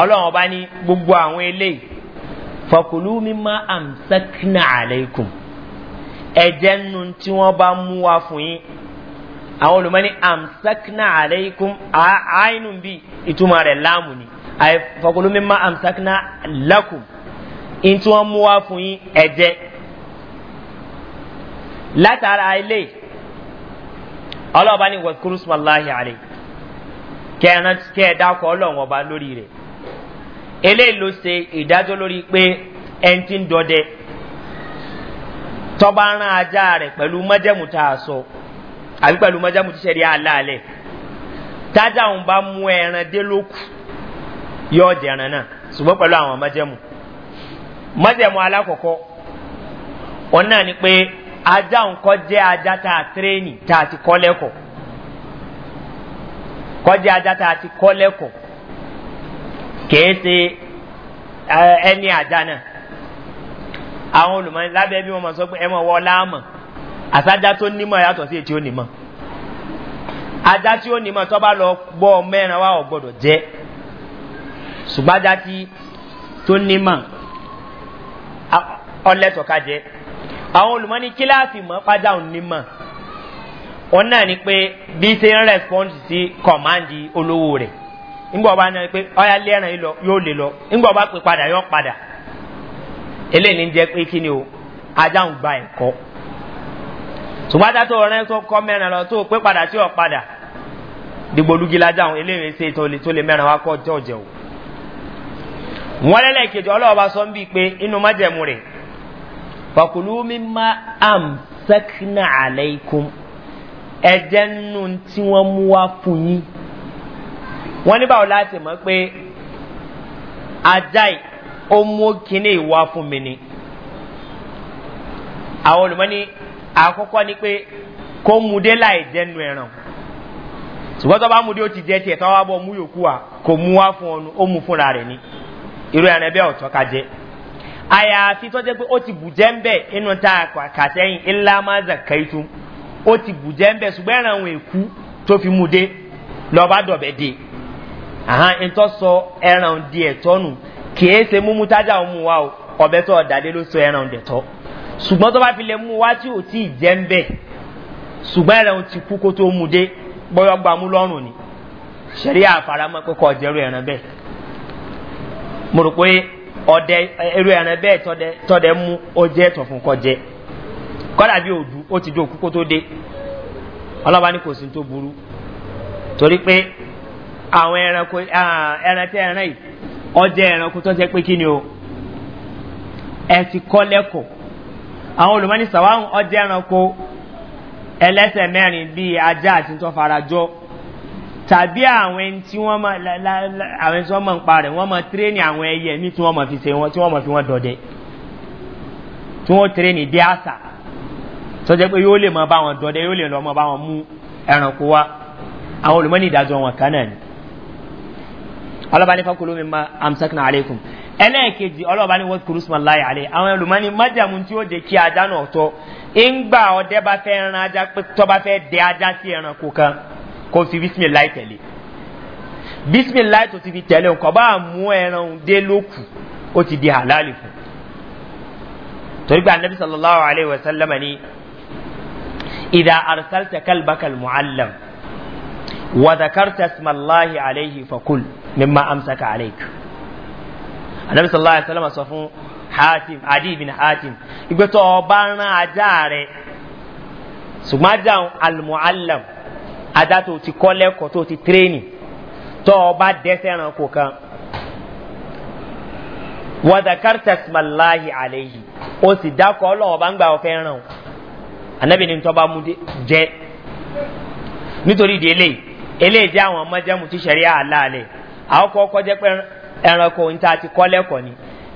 ọlọ́wọ́ bá ní gbogbo àwọn eléyìí fakulu mi ma amsakna aleikum ẹ̀jẹ̀ nù tí wọ́n bá mú wa fún yín àwọn olùmọ́ni amsakna aleikum àánú bí ìtumọ̀ rẹ̀ láàmù ni àìfọkùnlómi má amsakna lakum in tí wọ́n mú wa fún yín ẹ̀jẹ̀ látara ilé ọlọ́ọ̀bá ni wàkúrúsùmọ̀láhì àlè kẹ́ ẹ̀ dákọ̀ ọlọ́ọ̀wọ̀n ọba lórí rẹ̀ eléyìí ló ṣe ìdájọ́ lórí pé ẹni tí ń dọdẹ tọ́ba rán ajá rẹ̀ pẹ̀lú mọ́jẹ́mú tá a sọ àbí pẹ̀lú mọ́jẹ́mú tí sẹ́rí àlàálẹ̀ tájà òun bá mú ẹran dé lókù yọ ọ̀dẹ̀ràn náà ṣùgbọ́n pẹ̀lú àwọn mọ́jẹ́mú mọ́jẹ́mú alákọ̀ọ́kọ́ wọn náà ni pé ajá òun kọ́ jẹ́ ajá tá a tírẹ́ẹ̀nì tá a ti kọ́ lẹ́kọ̀ọ́ kọ́ jẹ́ ajá tá a ti kọ́ lẹ́kọ̀ọ́ kèé ṣe ẹni ajá náà. àwọn olùmọ̀ lábẹ́ bí wọ́n máa sọ pé ẹ mọ̀ wọ́ láàmọ̀ àsájá tó nímọ̀ yàtọ̀ sí ètí ó nímọ̀ ajá tí ó nímọ̀ tọ́ bá lọ gbọ́ mẹ́rin wá ọ̀gbọ́dọ̀ jẹ́ ṣùgbájá tí tó nímọ̀ ọlẹ́tọ̀ká jẹ́ àwọn olùmọ̀ ní kíláàsì mọ́ pàjá òun nímọ̀ náà ni pé bí ṣe ń sí kọ̀máǹdì olówó rẹ̀ lọ yóò lè lọ bá pè padà yóò eléyìí ń jẹ́ pé kí ni o ajá ń gba ẹ̀kọ́ ṣùgbọ́n ajá tó rẹ́ tó kọ́ mẹ́rin lọ tó pé padà tí ò padà dìgbò òun eléyìí ṣe tó lè mẹ́rin wá kọ́ jẹ́ òjẹ́ o wọ́n lẹ́lẹ́kejì ọlọ́ọ̀bá sọ ń bíi pé inú májẹ̀mú rẹ̀ fàkùlù mi má am sẹ́kínà àlẹ́kùn ẹ̀jẹ̀ nù tí wọ́n mú wá fún yín wọ́n ní báwo láti ó mú kíní ìwá fún mi ni àwọn olùmọ́ni àkọ́kọ́ ni pé kó mu dé láì jẹ́nu ẹ̀ràn ṣùgbọ́n tó bá mu dé ó ti jẹ́ tiẹ̀ tó wá bọ̀ mú yòókù wa kò mú wá fún ọnu ó mú fúnra rẹ̀ ni irú ẹ̀ràn ẹ̀bẹ́ ọ̀tọ́ ká jẹ́ àyàfi tó jẹ́ pé ó ti bùjẹ́ ń bẹ̀ inú tá a ńlá máa zàkà ìtú ó ti bùjẹ́ ń bẹ̀ ṣùgbọ́n ẹ̀ràn òun èkú tó fi mu dé lọ́ba dọ̀bẹ̀ dé àhán ntọ́ sọ ẹ̀ràn di ẹ̀tọ́nù kìí ṣe múmu tájà ń mu wa o ọbẹ̀ tó ọ̀dàdé ló so ẹran dẹ̀tọ́ ṣùgbọ́n tó bá fi lè mú wa tí ò tí ì jẹ́ ń bẹ̀ ṣùgbọ́n ẹran ti kú kó tó mu dé bọ́yọ̀ gba mú lọ́rùn ni ṣẹ̀rí àfaramọ́ pé kò jẹ́rú ẹran bẹ́ẹ̀ mo rò pé ọdẹ ẹrú ẹran bẹ́ẹ̀ tọ́dẹ mú ó jẹ́ ẹ̀tọ́ fún kọ́ jẹ́ kọ́dà bí òdu ó ti dún òkú kó tó dé ọlọ́ba ní kò sí tó burú torí pé àwọn ah, ẹran tẹ́ ẹran yìí ọjẹ́ ẹranko tó jẹ́ pé kí ni o ẹ ti kọ́ lẹ́kọ̀ọ́ àwọn olùmọ́ni sàwáhùn ọjẹ́ ẹranko ẹlẹ́sẹ̀ mẹ́rin bíi ajá àti tó farajọ́ tàbí àwọn ẹni tí wọ́n máa ń pa rẹ̀ wọ́n máa tírénì àwọn ẹyẹ ní tí wọ́n máa fi ṣe wọn tí wọ́n máa fi wọn dọ̀dẹ tí wọ́n tírénì dé àṣà tó jẹ́ pé yóò lè máa bá wọn dọ̀dẹ yóò lè lọ́ máa bá wọn mú ẹranko wá àwọn olùmọ́ni ìdájọ́ wọn kan náà ni ọlọ́ba ní fakulu mi ma amsakna aleikum ẹlẹ́ẹ̀kejì ọlọ́ba ní wọ́n kuru sumaláyà alẹ́ àwọn ẹlòmọ́ni májàmú tí ó de kí ajá náà tọ́ ńgbà ọdẹ bá fẹ́ ran ajá tọ́ba fẹ́ dẹ ajá sí ẹranko kan kó fi bisimilayi tẹ̀lé bisimilayi tó ti fi tẹ̀lé nǹkan bá mú ẹran dé lóku ó ti di halali fún torí pé anabi sallallahu alayhi wa sallam ni ìdá arsalta kalbakal mu'allam wàdàkàrta sumaláyà aleyhi fakulu mimma amsaka alaik anabi sallallahu alaihi wasallam sọ fún hatim adi bin hatim ìgbé tó ọba rán ajá rẹ ṣùgbọ́n ajá almuallam ajá tó ti kọ́ lẹ́kọ̀ọ́ tó ti tírénì tó ọba dẹ́sẹ̀ ẹranko kan wàdàkàr tasmalahi alayhi ó sì dákọ̀ ọlọ́wọ́ bá ń gbà ọ̀fẹ́ ràn anabi ni tọ́ba mu jẹ nítorí ìdí eléyìí eléyìí jẹ́ àwọn ọmọ jẹ́mu tí sẹ́ríà àlàálẹ̀. àkọ́kọ́ jẹ́ pé ẹranko ń ta ti kọ́ lẹ́kọ̀ọ́ ni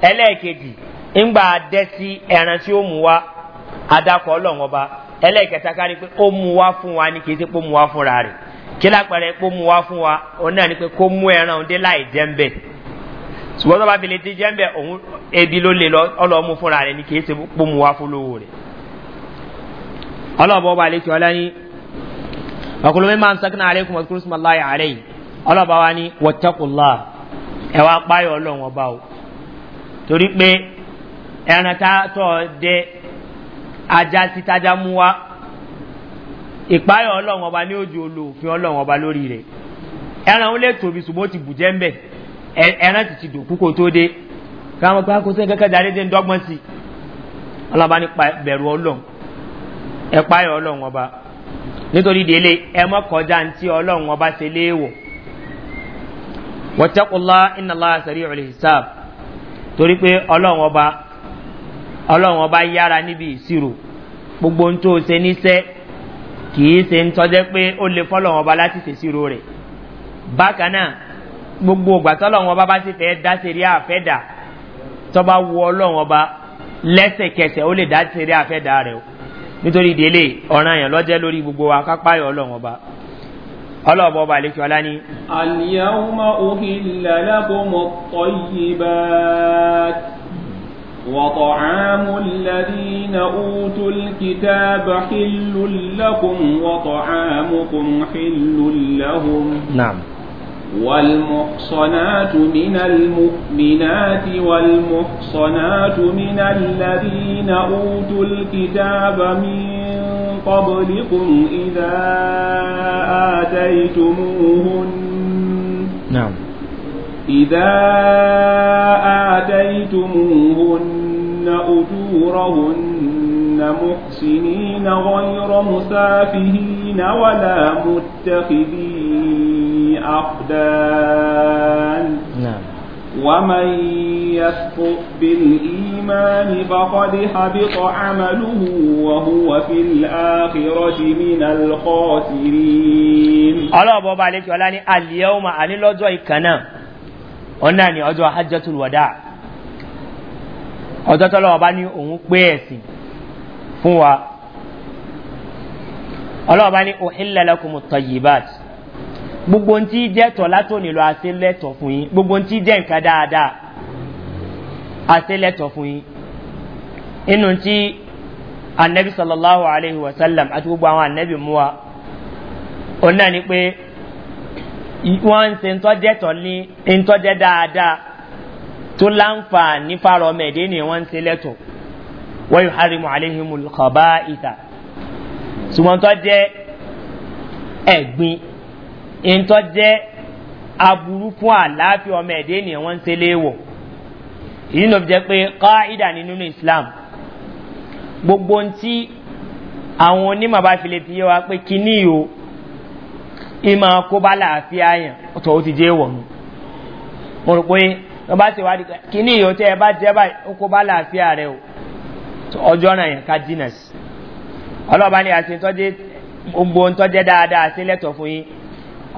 ẹlẹ́ẹ̀kejì ńgbà dẹ́ sí ẹran tí ó mú wa adakọ̀ ọlọ́run ọba ẹlẹ́ẹ̀kẹta kárí pé ó mú wa fún wa ní kì í sí pé mú wa fúnra rẹ̀ kí lápẹ̀rẹ̀ mú wa ẹran láì ebi ló lè lọ fúnra rẹ̀ kì í mú wa ọlọ́ba wa ní wọ́tẹ́kùlá ẹ wá páyọ̀ ọlọ́run ọba o torí pé ẹran tá tọ́ dé ajá títájá mú wá ìpáyọ̀ ọlọ́run ọba ní ojú olóòfin ọlọ́run ọba lórí rẹ̀ ẹran ó lè tóbi ṣùgbọ́n ó ti bùjẹ́ ń bẹ̀ ẹran ti ti dòkú kó tó dé káwọn pé kó ọlọ́run ọba nítorí délé ẹ mọ́ kọjá ọlọ́run ọba ṣe léèwọ̀ wọ́tẹ́kùnlá iná láàṣẹ̀rí olùhìsáàb torí pé ọlọ́run ọba yára níbi ìṣirò gbogbo ń tó ṣe níṣẹ́ kìí ṣe ń tọ́jẹ́ pé ó lè fọ́lọ́run ọba láti ṣèṣirò rẹ̀ bákan náà gbogbo ògbà tọ́lọ́run ọba bá sì fẹ́ dá ṣeré àfẹ́dà tọ́ba wo ọlọ́run ọba lẹ́sẹ̀kẹsẹ̀ ó lè dá ṣeré àfẹ́dà rẹ̀ nítorí ìdílé ọ̀ràn àyàn lọ́jẹ́ lórí gbogbo akápáyọ̀ ọlọ́run ọba. ọlọ́ọ̀bọ̀ بابا عليك ولاني اليوم أهل لكم الطيبات وطعام الذين أوتوا الكتاب حل لكم وطعامكم حل لهم نعم والمحصنات من المؤمنات والمحصنات من الذين أوتوا الكتاب من قبلكم إذا آتيتموهن نعم إذا آتيتموهن أجورهن محسنين غير مسافهين ولا متخذي أقدان نعم ومن يسقط بالإيمان فقد حبط عمله وهو في الآخرة من الخاسرين الله بابا عليك ولاني اليوم أني لجوا إكنا أناني أجوا حجة الوداع ọjọ́ tọ́lọ́ ọba ní òun pé ẹ̀sìn fún wa ọlọ́ọ̀bá ní òhìnlẹ́lẹ́kùnmù tọ̀yìbáàtì gbogbo ń tí jẹ́ tọ̀ látòní lọ àṣẹ lẹ́tọ̀ fún yín gbogbo ń tí jẹ́ nǹkan dáadáa àṣẹ fún yín inú tí anabi sallallahu alayhi wa sallam àti gbogbo àwọn anabi mu wa òun náà ni pé wọ́n ń ṣe ntọ́jẹ́ tọ̀ ní ntọ́jẹ́ dáadáa tó láǹfààní fárọ mẹ́ẹ̀dẹ́ ni wọ́n ń ṣe lẹ́tọ̀ wọ́n yóò harimu alayhi mu kọ̀ọ̀bá ìta ṣùgbọ́n tọ́jẹ́ ẹ̀gbin ntọ́ jẹ́ aburú fún àlàáfíà ọmọ ẹ̀dẹ́ ènìyàn wọ́n ń ṣe léèwọ̀ yìí ló fi jẹ́ pé káàídà nínú islam gbogbo ntí àwọn onímọ̀ bá fi lè fi yé wa pé kíní o ìmọ̀ kó bá làáfíà yàn ọ̀tọ̀ ó ti jẹ́ wọ̀nù mo rò pé wọ́n bá ṣèwádìí kíní o tẹ́ ẹ bá jẹ́ báyìí ó làáfíà rẹ o ọjọ́ náà yẹn ká dínà sí ọlọ́ọ̀bá ni àti ntọ́jẹ́ gbogbo ntọ́jẹ́ dáadáa sílẹ̀ tọ̀ fún yín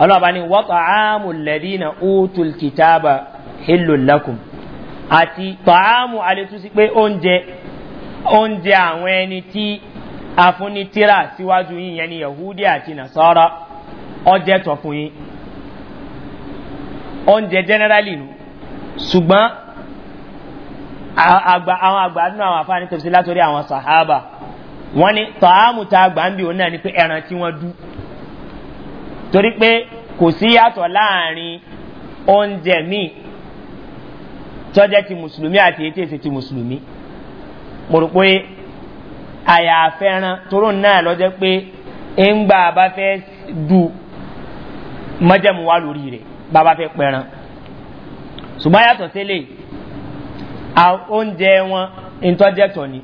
ọlọ́ọ̀bá ni wọ́n tọ́ámù lẹ́dínà útul kìtàbà hìlùlákùn àti tọ́ámù alétúsí pé oúnjẹ oúnjẹ àwọn ẹni tí afúnitira síwájú yìí yẹn ni yahudi àti nasara ọjẹ tọ fún yín oúnjẹ generally nu ṣùgbọ́n àwọn àgbà nínú àwọn afáàní tẹ̀sí látòrí àwọn sàhábà wọ́n ní tọ́ámù tá a gbà ń bì òun náà ni pé ẹran tí wọ́n dú torí pé kò sí yàtọ̀ láàrin oúnjẹ míì tọ́jẹ́ ti mùsùlùmí àti ètè èsè ti mùsùlùmí mo rò pé àyà àfẹ́ràn náà lọ́jọ́ pé ńgbà bá fẹ́ du mọ́jẹ̀mú wá lórí rẹ̀ bá bá fẹ́ pẹran ṣùgbọ́n yàtọ̀ sílẹ̀ oúnjẹ wọn ìtọ́jẹ́tọ̀ ni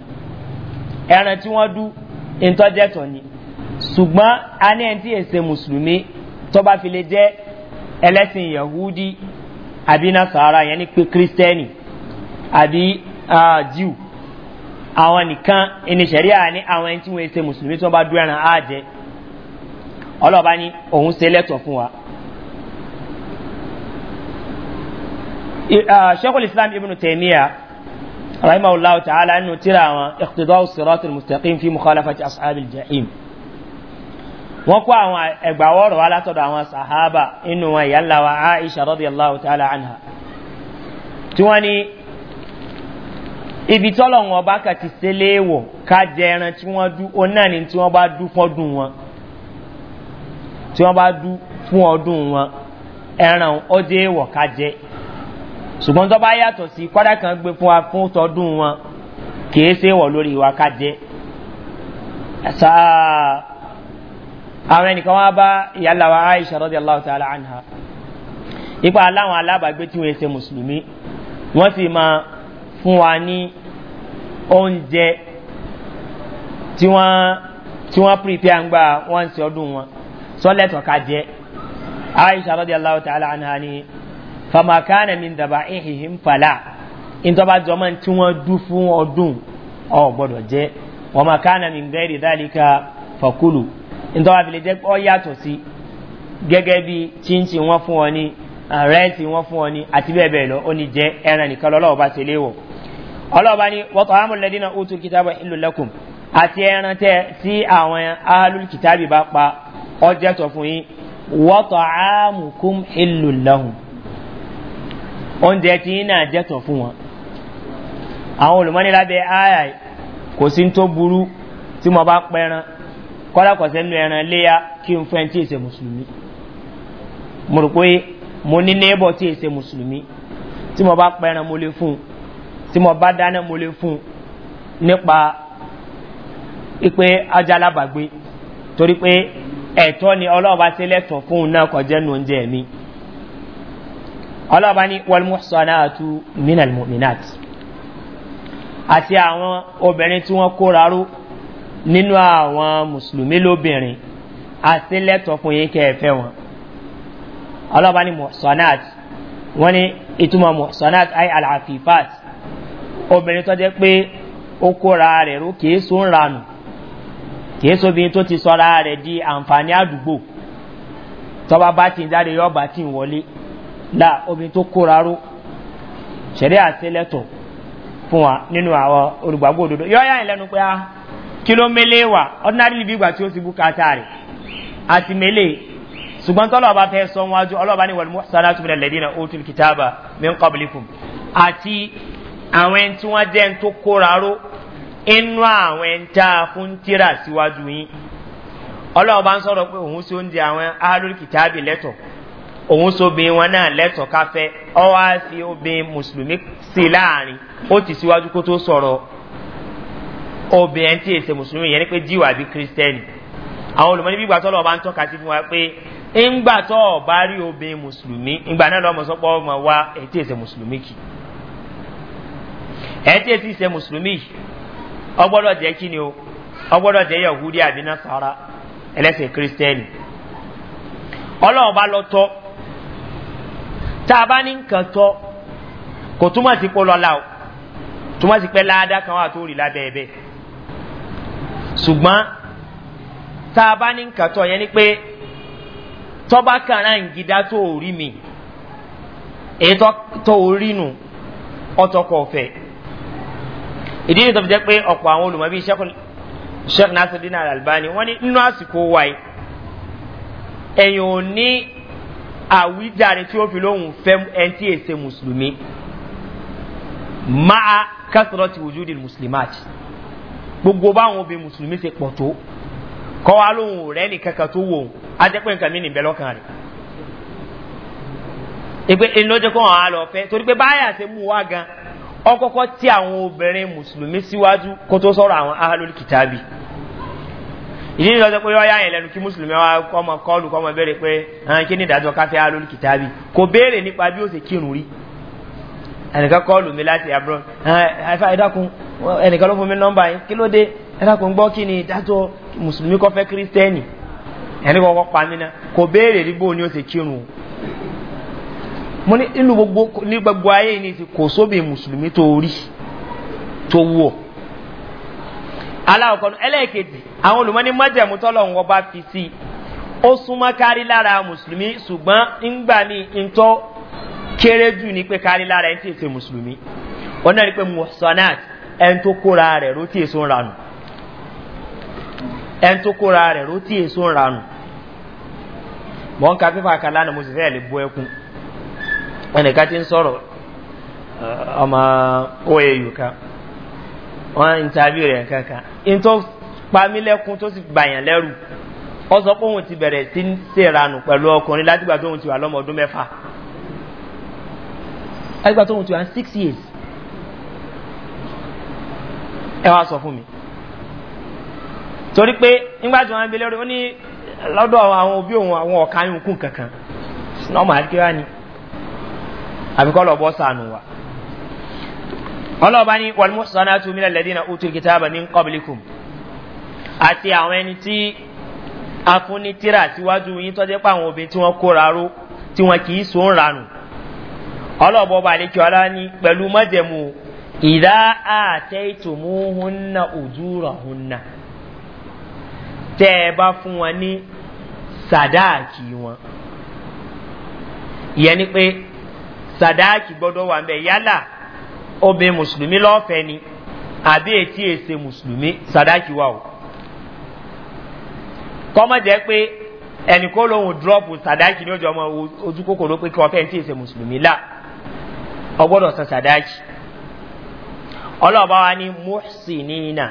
ẹran tí wọ́n dú ìtọ́jẹ́tọ̀ ni ṣùgbọ́n a ní ẹni tí èsè mùsùlùmí tọ́ba fi lè jẹ́ ẹlẹ́sìn yahudi àbí nasara yẹn ni pé kristẹni àbí jew àwọn nìkan ìníṣẹ̀rí àní àwọn ẹni tí wọ́n ṣe mùsùlùmí tí wọ́n bá dúró ẹran á jẹ ọlọ́ọ̀bá ni òun ṣe lẹ́tọ̀ fún wa. sheikul islam ibn taymiya rahimahullah ta'ala nínú tíra àwọn ìkùtìdọ́ sirọ́tì mustaqim fi mukhalafati ashabil jahim. wọ́n kó àwọn ẹgbàwọ́rọ̀ wá látọ̀dọ̀ àwọn sàhábà inú wọn ìyá wa aisha rọ́dí aláwọ̀ tààlà tí wọ́n ni ibi tọ́lọ̀ wọn bá ti wọ̀ ká jẹ ẹran tí wọ́n dú ó náà tí wọ́n bá dú wọn fún ọdún wọn ẹran ó dé wọ̀ ká ṣùgbọ́n tó bá yàtọ̀ sí kọ́dà kan gbé fún wa wọn kì wọ̀ lórí wa ká jẹ. àwọn ẹnìkan wá bá ìyálà wa aisha rọ́dí aláwọ̀ tí ala anha ipa aláwọn alábàgbé tí wọ́n ṣe mùsùlùmí wọ́n sì máa fún wa ní oúnjẹ tí wọ́n tí wọ́n pèpè àgbà wọ́n ṣe ọdún wọn sọ́lẹ̀tọ̀ ká jẹ́ aisha rọ́dí aláwọ̀ tí ala anha ni famakana mi daba ihihim fala ìtọ́ba jọmọ́ tí wọ́n dú fún ọdún ọ̀ gbọ́dọ̀ jẹ́ wọ́n makana mi gẹ́rì dálíkà fakulu nítorí àbílẹ̀ jẹ́ pé ọ yàtọ̀ sí gẹ́gẹ́ bí chinchin wọ́n fún ọ ní rẹ́ẹ̀tì wọ́n fún ọ ní àti bẹ́ẹ̀ bẹ́ẹ̀ lọ ó ní jẹ́ ẹran nìkan lọ́lọ́wọ́ bá ṣe léwọ̀ ọlọ́ọ̀bá ni wọ́tọ̀ amúlẹ́dínà ó tún kìtàbà ìlú lẹ́kùn àti ẹran tẹ tí àwọn ahalul kìtàbì bá pa ọjẹ́ tọ̀ fún yín wọ́tọ̀ amùkún ìlú lẹ́hùn oúnjẹ tí yín náà jẹ́ tọ̀ fún wọn. àwọn olùmọ́ni àyà kò sí tó burú tí mo bá pẹran kọ́lá kọ̀sẹ́ nínú ẹran léyà kí n fẹ́ tí èsè mùsùlùmí mo rò pé mo ní neighbor tí èsè mùsùlùmí tí mo bá pa ẹran mo lè fún un tí mo bá dáná mo lè fún un nípa ipe ajálábàgbé torí pé ni ọlọ́ọ̀bá ṣe lẹ́tọ̀ fún un náà kọjá nù mi ọlọ́ọ̀bá ní wọlmùsọ̀nàtú mínàlmùmínàtì àti àwọn obìnrin tí wọ́n kóra ró nínú àwọn mùsùlùmí lóbìnrin àti lẹ́tọ̀ fún yín kẹfẹ́ wọn ọlọ́ba ni muhsanat wọ́n ní ìtumọ̀ muhsanat ay alafifat obìnrin tó jẹ́ pé ó kóra rẹ̀ ró kìí so ń ranù kìí so tó ti sọra rẹ̀ di àǹfààní àdúgbò tọ́ba bá ti ń jáde yọ bá ti ń wọlé la obìnrin tó kóra ró ṣẹ̀rí àti lẹ́tọ̀ fún wa nínú àwọn olùgbàgbọ́ òdodo yọ yá ìlẹ́nu pé a. Ah, Kilo ló wa ordinary bí ìgbà tí ó ti bukata rẹ̀ àti mele ṣùgbọ́n tọ́lọ̀ bá fẹ́ sọ wájú ọlọ́ba ni wàlúmọ́ sára tó bẹ̀rẹ̀ lẹ́dínà ó tún kìtàbà mi ń kọ́bìlìkùn àti àwọn ẹni tí wọ́n jẹ́ ń tó kóra ró inú àwọn ẹni tá a fún tíra síwájú yín ọlọ́ba ń sọ̀rọ̀ ahlul kìtàbì lẹ́tọ̀ òun sọ bí wọn náà lẹ́tọ̀ káfẹ́ ọ wá fi obìnrin mùsùlùmí sí láàrin ó ti síwájú kó tó sọ̀rọ̀ obìnrin tí èsè mùsùlùmí yẹn ni pé jíwà bí kírísítẹ́nì àwọn olùmọ̀ní bí gbàtọ́ lọ́wọ́ bá ń tọ́ka sí fún wa pé ńgbà tó o bá rí obìnrin mùsùlùmí ńgbà náà lọ́mọ sọ́pọ̀ ọmọ wa ẹ̀ tí èsè mùsùlùmí kì ẹ̀ tí èsì ìsè mùsùlùmí ọgbọ́dọ̀ jẹ́ kí ni o ọgbọ́dọ̀ jẹ́ yahudi àbí nasara ẹlẹ́sìn kírísítẹ́nì ọlọ́wọ́ bá lọ tọ́ tá a bá ní nǹkan tọ́ kò túmọ̀ sí pé lọ́la o túmọ̀ sí pé láadá kan wà tó rí lábẹ́ ẹ bẹ́ẹ̀ ṣùgbọ́n tá a bá ní nǹkan tọ̀ yẹn ni pé tọ́ba kàrá ń gidá tó o rí mi èyí tó o rí nu ọtọkọ ọ̀fẹ́ ìdí ni tó fi jẹ́ pé ọ̀pọ̀ àwọn olùmọ̀ bíi sheikh nasirudin alalbani wọ́n ní nínú àsìkò wáyé ẹ̀yìn ò ní àwíjàre tí ó fi lóhùn fẹ́ ẹni tí èsè mùsùlùmí máa kásìrọ̀ ti wùjú di mùsùlùmáàtì gbogbo báwọn obìnrin mùsùlùmí ṣe pọ̀ tó kọ́ wa lóhùn rẹ̀ nìkan kan tó wò ó á jẹ́ pé nǹkan mi nìbẹ́ lọ́kàn rẹ̀ ìpè ìlójú kó hàn á lọ fẹ́ torí pé báyà ṣe mú wa gan ọkọ̀kọ́ tí àwọn obìnrin mùsùlùmí síwájú kó tó sọ̀rọ̀ àwọn ahalóli kìtàbí ìdí ni lọ́sẹ̀ pé yọ ya yẹn kí mùsùlùmí wa kọ́ ọmọ kọ́ọ̀lù kọ́ ọmọ béèrè pé kí ni ìdájọ́ káfíà ahalóli kìtàbí kò béèrè nípa bí ó ṣe kírun rí ẹnìkan kọ́ọ̀lù mi láti abroad ẹ̀fà ẹ̀dàkùn ẹnìkan ló fún mi nọ́mbà yín kí ló dé ẹ̀dàkùn gbọ́ kí ni ìdájọ́ mùsùlùmí kọ́ fẹ́ kírísítẹ́nì ẹni kọ́kọ́ pa mí ná kò béèrè rígbó ni ó ṣe kírun mo ní ìlú gbogbo ní gbogbo ayé ni ti kò sóbì mùsùlùmí tó rí tó wù ọ́ aláwọ̀kọ́ ẹlẹ́ẹ̀kejì àwọn olùmọ́ni májẹ̀mú tọ́lọ̀ ń wọ́n bá fi sí ó súnmọ́ kárí lára mùsùlùmí ṣùgbọ́n ńgbà ní ntọ́ kéré ju ní pé kárí lára ẹni tí èsè mùsùlùmí ọ̀nà ni pé muhsanat ẹni tó kóra rẹ̀ ró tí èso ń ẹni tó kóra rẹ̀ tí èso ń mọ̀ ka fífa kan lánàá mo sì fẹ́ lè bọ́ ẹkún ti ń sọ̀rọ̀ uh, ọmọ in tó tó sì gbàyàn lẹ́rù ọ sọ pé ti bẹ̀rẹ̀ sí ń pẹ̀lú ọkùnrin látìgbà tó òun ti wà lọ́mọ ọdún mẹ́fà. ẹgbà tó ń tu six years ẹ wá sọ fún mi torí pé nígbà tí wọn gbé lórí ó ní lọ́dọ̀ àwọn òbí òun àwọn ọ̀ka yín kún kankan normal kí wá ni àbíkọ́ lọ bọ́ sànù wa ọlọ́ọ̀bá ní wàlúmọ̀ sọ́nà tó mílẹ̀ lẹ́dínà ó tó kìtàbà ní kọ́bílíkùn àti àwọn ẹni tí afúnitìrà síwájú yín tọ́jú pé àwọn tí wọ́n kóra ró so ọlọ́ọ̀bọ̀ bá lè kí ọlá ní pẹ̀lú mọ́jẹ̀mú ìdá àtẹ́ ìtòmú hunna òjúrà hunna tẹ́ ẹ bá fún wọn ní sàdáàkì wọn ìyẹn ni pé sàdáàkì gbọ́dọ̀ wà ń bẹ̀ yálà obìnrin mùsùlùmí lọ́fẹ̀ẹ́ ni àbí ètí èsè mùsùlùmí sàdáàkì wà o kọ́mọ̀jẹ́ pé ẹnì kó lóhùn dúrọ́pù sàdáàkì ní ojú ọmọ ojú kòkòrò pé kí wọ́n fẹ́ẹ́ tí èsè mùsùlùmí là ọgbọ́dọ̀ san sàdáàkì ọlọ́ọ̀bá wa ní muhsinina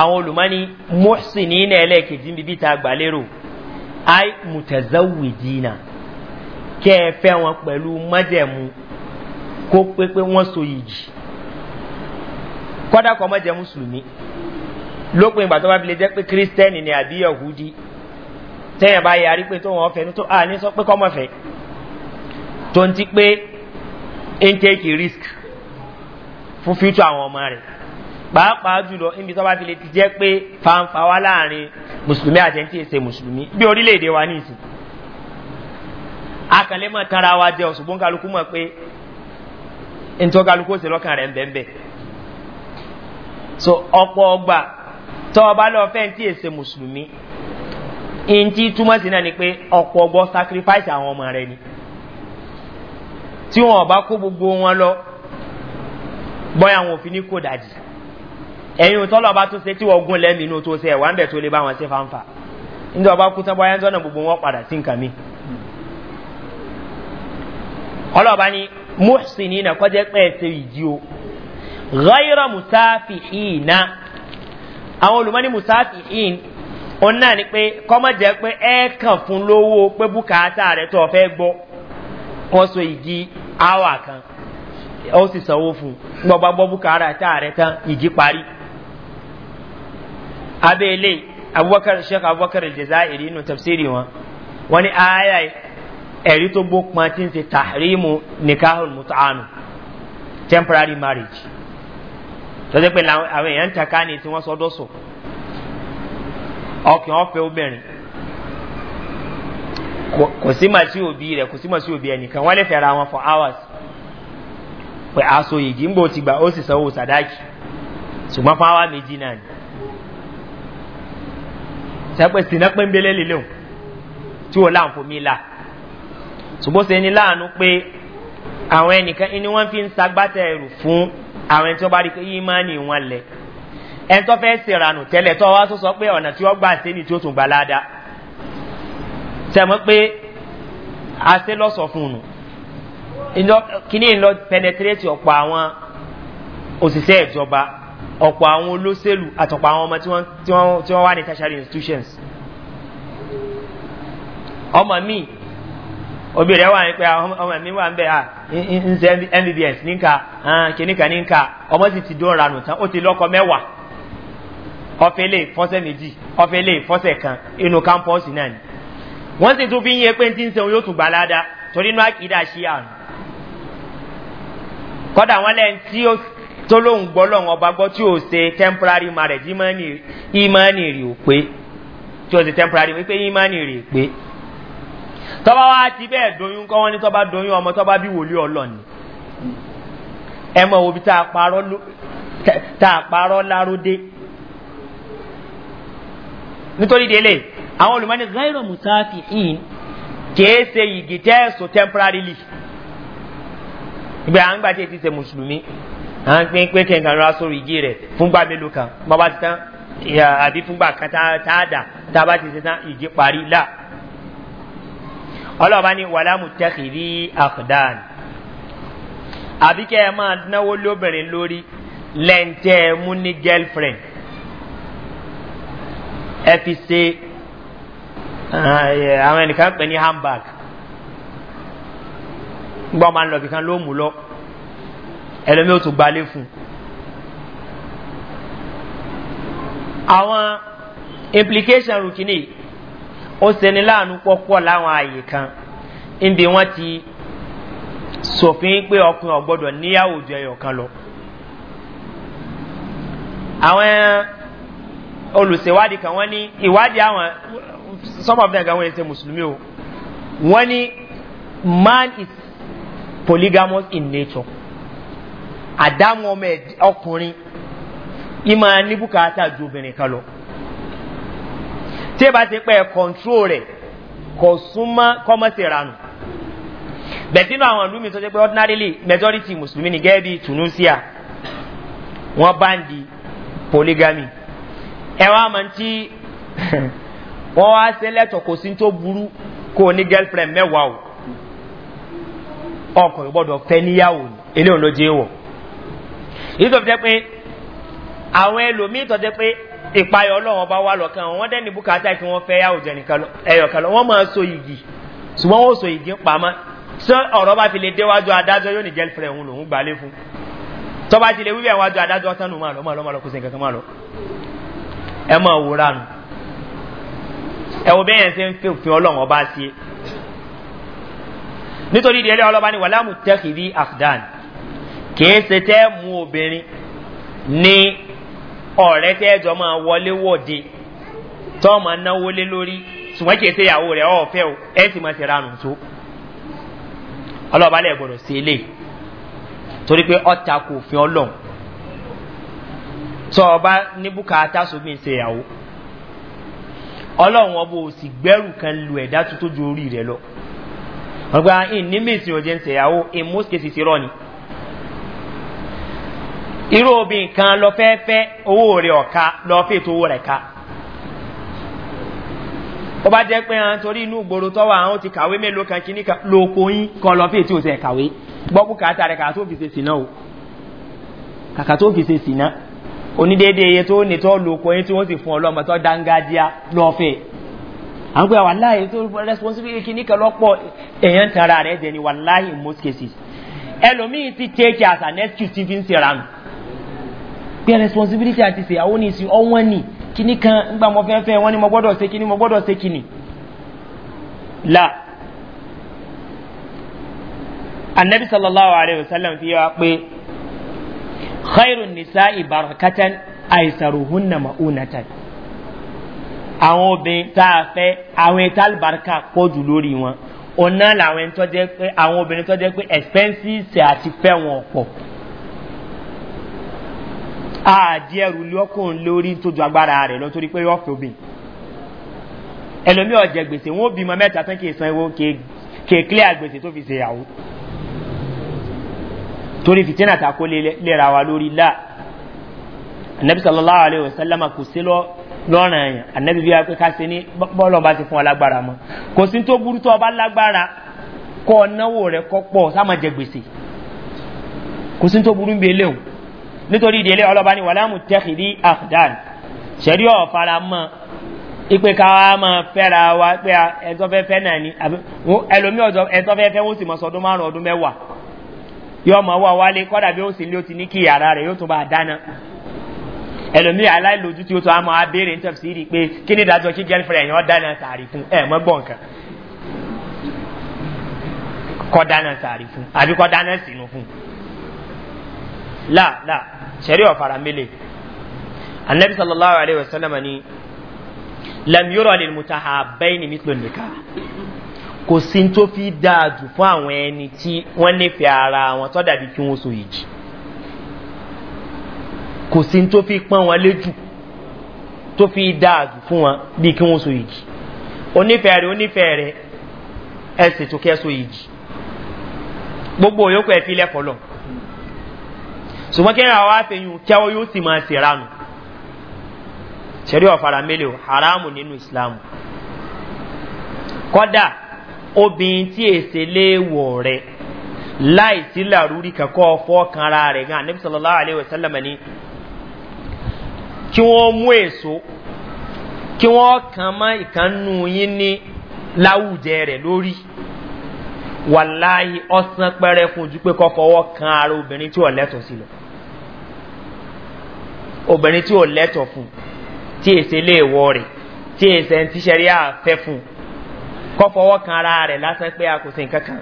àwọn olùmọ́ni muhsinina ẹlẹ́ẹ̀kejì bíbí ta gbàlérò ai mutazawidina kẹ́ ẹ fẹ́ wọn pẹ̀lú mọ́jẹ̀mú kó pé pé wọ́n so yìí kọ́dà kọ́ mọ́jẹ̀ mùsùlùmí lópin ìgbà tó bá fi lè jẹ́ pé kírísítẹ́nì ni àbí yahudi tẹ́yìn bá yarí pé tó wọ́n fẹ́ ní sọ pé kọ́ mọ́ fẹ́ tó ń ti pé ń take risk fún future àwọn ọmọ rẹ̀ pàápàá jùlọ níbi tó bá fi lè ti jẹ́ pé fanfa wá láàrin mùsùlùmí àti ẹni tí èsè mùsùlùmí bí orílẹ̀-èdè wa ní ìsìn akànlẹ́ mọ̀ tara wa jẹ́ ọ̀ṣùgbọ́n kálukú mọ̀ pé ntọ́ kálukú ó sì lọ́kàn rẹ̀ ń bẹ́ẹ̀ bẹ́ẹ̀ so ọ̀pọ̀ ọgbà tọ́ ọba lọ fẹ́ tí èsè mùsùlùmí in tí túmọ̀ sí náà ni pé ọ̀pọ̀ ọgbọ́ sacrifice àwọn ọmọ rẹ ni tí wọn bá kó gbogbo wọn lọ bọ́yà wọn ò fi ní kó dàjì ẹ̀yin tọ́lọ̀ bá tó ṣe tí wọ́n gún lẹ́mìí inú tó ṣe ẹ̀ wá ń bẹ̀ tó lé bá wọn ṣe ọba kú tán ń gbogbo wọn mi. ni muhsin iná kọjá pẹ́ ṣe o ghayra musafi iná àwọn olùmọ́ni musafi in òun náà ni pé kọ́mọ̀jẹ́ pé fún lówó pé bùkátà rẹ̀ tó áwà kan ó sì sanwó fún un gbọ́gbá gbọ́bùkárà tá a rẹ tán ìjì parí. abẹ́lé abubakar sheikh abubakar jazairi inú tafsiri wọn wọ́n ní aya ẹ̀rí tó gbópọn tí ń ṣe tahrimu nikahul mut'anu temporary marriage tọ́jú pé àwọn èèyàn ń taká tí wọ́n sọ́dọ̀ sọ ọkùnrin ọ̀fẹ́ obìnrin kò sí màá sí òbí rẹ̀ kò sí màá sí òbí ẹnìkan wọ́n lè fẹ́ ra wọn for hours pé aso yìí ń bò ti gbà ó sì sanwó sàdáàkì ṣùgbọ́n fún àwa méjì náà ni sẹ́pẹ́ sínú pẹ́ńbélé lílò tí wọ́n láǹfò mí là ṣùgbọ́n ṣe ni láàánú pé àwọn ẹnìkan ni wọ́n fi ń sagbátẹ̀ ẹrù fún àwọn ẹni tí wọ́n bá rí pé yìí máa ní wọn lẹ̀ ẹni tó fẹ́ ṣèrànù tẹ́lẹ̀ tó wá sọ pé ọ̀nà tí wọ́n gbà sí ni tí ó tún gbà ládàá sẹ́mọ́ pé asé lọ́sọ̀ fún un kíní ń lọ pẹnẹtírẹ́tì ọ̀pọ̀ àwọn òṣìṣẹ́ ìjọba ọ̀pọ̀ àwọn olóṣèlú àtọ̀pọ̀ àwọn ọmọ tí wọ́n wà ní tertiary institutions ọmọ mi obìnrin wà ní pé ọmọ mi wà ń bẹ̀ à ń ṣe mbbs níka kìnìkan níka ọmọ sì ti dún ranù tán ó ti lọ́kọ mẹ́wàá ọ̀fẹ́lẹ̀ fọ́sẹ̀ méjì ọ̀fẹ́lẹ̀ fọ́sẹ̀ kan inú kámpọ́ọ̀sì náà ni wọ́n sì tún fi ń yẹ pé tí ń sẹ́wọ́n yóò tún gbà ládàá torí inú àkìdá ṣí àrùn kọ́dà wọn lẹ́yìn tí ó tó lóun gbọ́ lọ́wọ́n ọba gbọ́ tí ó ṣe temporary marriage ìmọ̀ọ́nì rè ó pé tí ó ṣe temporary wípé ìmọ̀ọ́nì rè ó pé tọ́ba wa ti bẹ́ẹ̀ doyún kọ́ wọ́n ní tọ́ba doyún ọmọ tọ́ba bí wòlíì ọlọ́ni ẹ mọ̀ òbí tá a parọ́ láró nítorí délé àwọn olùmọ́ni zairo musafi in kìí ṣe igi tẹ́sùn temporarily ìgbà à ń gbà tí ẹ ti ṣe mùsùlùmí à ń pín pé kẹ̀ǹkan ra sórí igi rẹ̀ fúngbà mélòó kan bá bá ti tán àbí fúngbà kan tá a dà tá a bá ti ṣe tán igi parí là ọlọ́ọ̀bá ní wàlámù tẹ́kìrí àkùdán àbí kẹ́ ẹ máa náwó lóbìnrin lórí lẹ́ǹtẹ́ mú girlfriend ẹ fi ṣe Ah, àwọn ẹnìkan pè ní handbag gbọ́ máa ń lọ kíkan ló mú lọ ẹlẹ́mí ò tún gbalé fún un àwọn implication rukini ó sẹni láàánú pọ́pọ́ láwọn ààyè kan níbi wọ́n ti sòfin pé ọkùnrin ọ̀gbọ́dọ̀ níyàwó ju ẹyọ kan lọ àwọn olùsèwádìí kan wọ́n ní ìwádìí àwọn some of them gan wọ́n yẹn ṣe mùsùlùmí o wọ́n ní man is polygamous in nature àdámọ́ ọmọ ọkùnrin ìmọ̀ níbùkátà ju obìnrin kan lọ tí ẹ bá ti pẹ́ kọ̀ǹtró rẹ̀ kò súnmọ́ kọ́mọ́sì ranù bẹ̀tí náà àwọn ìlú tó jẹ́ pé ordinarily majority mùsùlùmí ni gẹ́gẹ́ bí tunisia wọ́n bá ń di polygamy ẹ wá mọ̀ tí wọ́n wá ṣe lẹ́tọ̀ kò sí tó burú kò ní girlfriend mẹ́wàá o ọkọ̀ ìgbọ́dọ̀ fẹ́ níyàwó eléyìí ló jẹ́ wọ̀ yìí tó fi jẹ́ pé àwọn ẹlòmíì tó jẹ́ pé ìpayọ̀ ọlọ́wọ́n bá wà lọ́kàn wọ́n dẹ́ni bùkátà kí wọ́n fẹ́ yàwó jẹ́ ẹyọ̀kan lọ wọ́n máa so igi ṣùgbọ́n wọ́n so igi pamọ́ sọ ọ̀rọ̀ bá fi lè déwájú adájọ́ yóò ní girlfriend òun lòún gbalé fún tọ́ba ti lè wíwẹ̀ wájú adájọ́ tán nù máa lọ máa lọ máa lọ kó sẹ́yìn kankan máa lọ ẹ máa wúra nù ẹ wo bẹ́yẹn ṣe ń fi òfin ọlọ́run ọba ṣe nítorí ìdí ẹlẹ́ ọlọ́ba ni wàlámù tẹ́kìrí afghan kìí ṣe tẹ́ mú obìnrin ní ọ̀rẹ́ tẹ́ ẹjọ́ máa wọlé wọ̀de tọ́ máa náwó lé lórí ṣùgbọ́n kìí ṣe ìyàwó rẹ̀ ọ̀fẹ́ o ẹ̀ sì máa ṣe ranù tó ọlọ́ba lẹ̀ gbọ́dọ̀ ṣe eléyìí torí pé ọ̀ta kò fi ọlọ́run sọ ọba ní bùkátà sóbìn ṣe ìyàwó ọlọ́run ọba ò sì gbẹ́rù kan lu ẹ̀dá tó ju orí rẹ̀ lọ wọ́n gba ìní mìsìn òjẹ́ ń ṣe ìyàwó in most cases irọ́ ni irú obìnrin kan lọ fẹ́ fẹ́ owó rẹ̀ ọ̀ka lọ fẹ́ tó owó rẹ̀ ká ó bá jẹ́ pé àwọn ah, torí inú ìgboro tọ́wọ́ àwọn ti kàwé mélòó kan kíní kan lóko yín kan lọ fẹ́ tí o ṣe kàwé gbọ́ bùkátà rẹ̀ kàtó fi ṣe sí náà o kàkàtó fi ṣe sí náà. onídéédé t'o tó ní tó lò kọ́ yín tí wọ́n sì fún ọlọ́mọ tó dángájíá lọ́fẹ̀ àwọn pé wàláyé tó responsibility kìíní kan lọ́pọ̀ èèyàn tara rẹ̀ jẹ́ ni wàláyé in most cases ẹlòmíì ti take as an excuse ti fi ń ṣera nù pé responsibility àti ṣèyàwó ní ìsìn ọ̀wọ́n ni kìíní kan ńgbà mo fẹ́ wọ́n ni mo gbọ́dọ̀ la anabi sallallahu alayhi wa sallam fi wá pé. khairun nisa'i barakatan aisaruhunna ma'unatan àwọn obìnrin tá a fẹ́ àwọn ètò àlùbáríkà pọ̀ jù lórí wọn ọ̀nà làwọn tó jẹ́ pé àwọn obìnrin tó jẹ́ pé expenses àti fẹ́ wọn pọ̀ àdí ẹrù lọ́kùnrin lórí tó ju agbára rẹ̀ lọ torí pé yóò fẹ́ obìnrin ẹlòmíọ̀ jẹ gbèsè wọn ò bímọ mẹ́ta tán kì í san owó kì í clear gbèsè tó fi ṣèyàwó torí fitina ta kó lera wa lórí la anabi sallallahu alayhi wa sallam kò sí lọ lọ́rùn ẹ̀yàn anabi bí wàá pé ká ṣe ní bọ́ọ̀lù ọba ti fún buru lágbára mọ́ kò sí tó burú tó ọba lágbára kọ́ ọ̀náwó rẹ̀ kọ́ pọ̀ sáma jẹ gbèsè kò sí tó burú ń bẹ léwu nítorí ìdílé ọlọ́ba ni wàlámù tẹ́kìdí àfdán ṣẹ̀rí ọ̀fara mọ́ ipe ká wa máa fẹ́ra wa pé ẹ̀tọ́ fẹ́ fẹ́ náà ni ẹlòmíọ̀ ẹ̀tọ́ fẹ́ fẹ́ wọ́n sì mọ̀ sọdún márùn-ún ọdún mẹ́wàá yọ ọmọ wa wálé kọ́dà bí ó sì lé o ti ní kí yàrá rẹ̀ yóò tún bá a dáná ẹlòmíì aláìlójú tí ó tún á máa béèrè nítorí sí rí i pé kí ni ìdájọ́ kí girlfriend yẹn dáná sàárì fún ẹ mọ́ gbọ̀n kan kọ́ dáná sàárì fún àbí kọ́ dáná sínú fún la la sẹ́rí ọ̀fara mélèé anabi sallallahu alayhi wa sallam ni lam yọrọ lè mutaha bẹ́ẹ̀ ni mi tó nìkan kò sí tó fi dáa jù fún àwọn ẹni tí wọ́n nífẹ̀ẹ́ ara wọn tó dàbí kí wọ́n so yìí kò sí tó fi pọ́n wọn léjù tó fi dáa jù fún wọn bí kí wọ́n so yìí onífẹ̀ẹ́ rẹ̀ onífẹ̀ẹ́ rẹ̀ ẹ ṣètò kẹ́ so yìí gbogbo yòókù ẹ̀ fi lẹ́kọ̀ọ́ lọ ṣùgbọ́n kí àwọn afẹ́yìn kẹ́wọ́ yóò sì máa ṣe ránu ṣẹ̀rí ọ̀fara mélòó haramu nínú ìsìlámù kọ́dà obìnrin tí èsè léèwọ̀ rẹ̀ láì sí làrúrí kankan fọ́ọ̀kan ara rẹ̀ gan anabi sallallahu alayhi wa ni kí wọ́n mú èso kí wọ́n kàn mọ́ ìkànnù yín ní láwùjẹ rẹ̀ lórí wàláyé ọ̀sán pẹ́rẹ́ fún ojú pé kọ́ fọwọ́ kan ara obìnrin tí ò lẹ́tọ̀ sí lọ obìnrin tí ò lẹ́tọ̀ fún tí èsè léèwọ̀ rẹ̀ tí èsè ń tíṣẹ́rí àfẹ́ fún un kọ́ fọwọ́ kan ara rẹ̀ lásán pé a kò sí nǹkan kan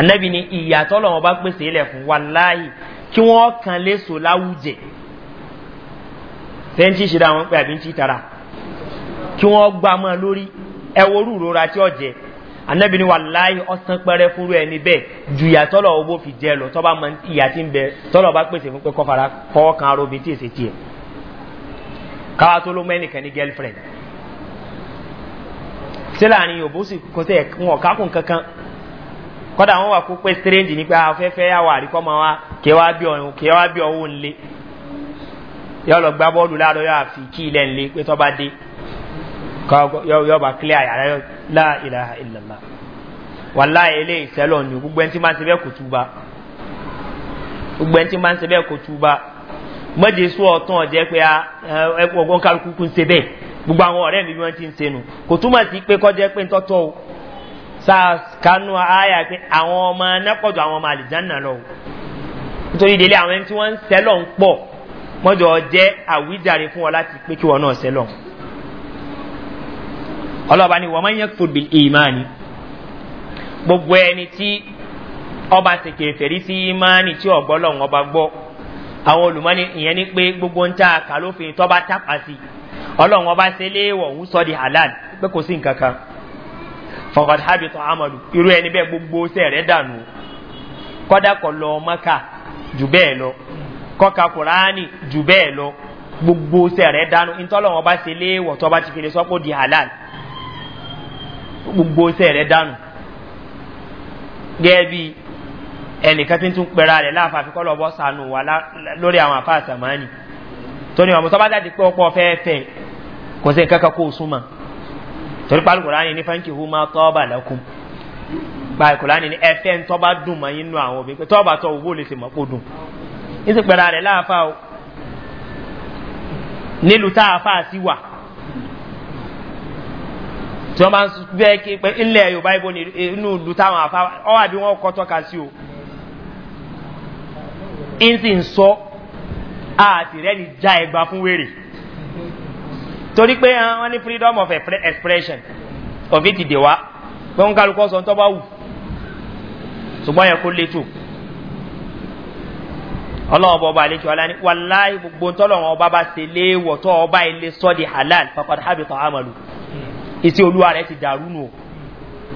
anabi ni ìyàtọ̀ lọ́wọ́ bá pèsè ilẹ̀ fún wàláyé kí wọ́n kan léṣo láwùjẹ sẹ́ńtì ṣe dáwọn pé àbí ń tí tara kí wọ́n gbá mọ́ lórí ẹwọ́ orú ìrora tí ọ̀jẹ̀ anabi ni wàláyé ọ̀sán pẹ́rẹ́ fúnrú ẹni bẹ́ẹ̀ ju ìyàtọ̀ lọ́wọ́ bó fi jẹ́ lọ tọ́ba mọ ìyà tí ń bẹ tọ́lọ̀ bá pèsè fún pé kọ́ fara kọ́ o aróbi tí èsì tiẹ̀ káwá tó ló mẹ́nìkan ní girlfriend ṣé láàrin yòòbó sì kò tẹ̀ wọn kákùn kankan kọ́dà wọn wà kó pé sírẹ́ǹdì nípa ah, afẹ́fẹ́ àwọ̀ àríkọ́ máa wá kí wá bí ọ̀hún kí wá bí ọ̀hún ńlé yọ lọ gbá bọ́ọ̀lù láàárọ̀ yọ àfi kí ilẹ̀ ńlé pé tọ́ bá dé yọ bá kílẹ̀ àyàrá yọ láà ìlàhà ìlàlá wà láà ilé ìṣẹ́lọ̀ ni gbogbo ẹni tí máa ń ṣe bẹ́ẹ̀ kò tú gbogbo ẹni tí máa ń ṣe bẹ́ẹ̀ kò tú gbogbo àwọn ọ̀rẹ́ mi bí wọ́n ti ń senu kò túmọ̀ sí pé kọ́jẹ́ pé ń tọ́tọ́ o sáà kánú àyà pé àwọn ọmọ anápọ̀jù àwọn ọmọ àlìjánà lọ nítorí délé àwọn ẹni tí wọ́n ń sẹ́lọ̀ ń pọ̀ mọ́jọ jẹ́ àwíjàre fún ọ láti pé kí wọ́n náà sẹ́lọ̀ ọlọ́ba ni wọ́n máa ń yẹ kó bìí ìmáàní gbogbo ẹni tí ọba ti kèfèrí sí ìmáàní tí ọ̀gbọ́lọ̀ ọba gbọ́ àwọn olùmọ́ni ìyẹn ni pé gbogbo ń ta àkàlófin tọ́ba tápà ọlọ́run ọba ṣe léèwọ̀ òun sọ di halal pé kò sí nǹkan kan fọkàn hábitọ amadu irú ẹni bẹ́ẹ̀ gbogbo sẹ́ẹ̀rẹ́ dànù kọ́dà kọ́ lọ mọ́kà jù bẹ́ẹ̀ lọ kọ́ka kùránì jù bẹ́ẹ̀ lọ gbogbo sẹ́ẹ̀rẹ́ dànù ntọ́lọ́run ọba ṣe léèwọ̀ tọ́ba ti fèrè sọ́kò di halal gbogbo sẹ́ẹ̀rẹ́ dànù gẹ́gẹ́ bí ẹnìkan tí ń tún pẹ̀ra rẹ̀ láàfàfikọ́ lọ́bọ̀ sànù wà lórí àwọn àfáà tóní ọmọ sọba jáde pé ọkọ fẹẹfẹ kaka sí nǹkan kan kó o súnmọ torí pálí kòránì ní fáńkì hu máa tọ́ọ̀bà lẹ́kùn pálí kòránì ní ẹfẹ́ ń tọ́ba dùn mọ́ inú àwọn obìnrin pé tọ́ọ̀bà tọ́ owó lè ṣe mọ́ kó dùn ní sì pẹ̀lú rẹ̀ láàfà o nílùú tá a fà sí wà tí wọ́n máa ń bẹ́ kí pé ńlẹ̀ yorùbá ibo ní inú ìlú táwọn àfa ọ̀wà bí o ń sì So, àti rẹ ni já ẹgbà fún wèrè torí pé ah, wọn ní freedom of expression of it dè wá pé wọn kálukọ sọ tó bá wù ṣùgbọ́n yẹ kó létò ọlọ́wọ́ bọ́ ọba àlejò ọlá ní wàláì gbogbo tọ́lọ́wọ́ ọba bá ṣe léèwọ̀ tó ọba ilé sọ́ọ̀dì halal pàpàdé hábìtọ̀ àmàlù ìsí olúwa rẹ̀ ti dàrú nù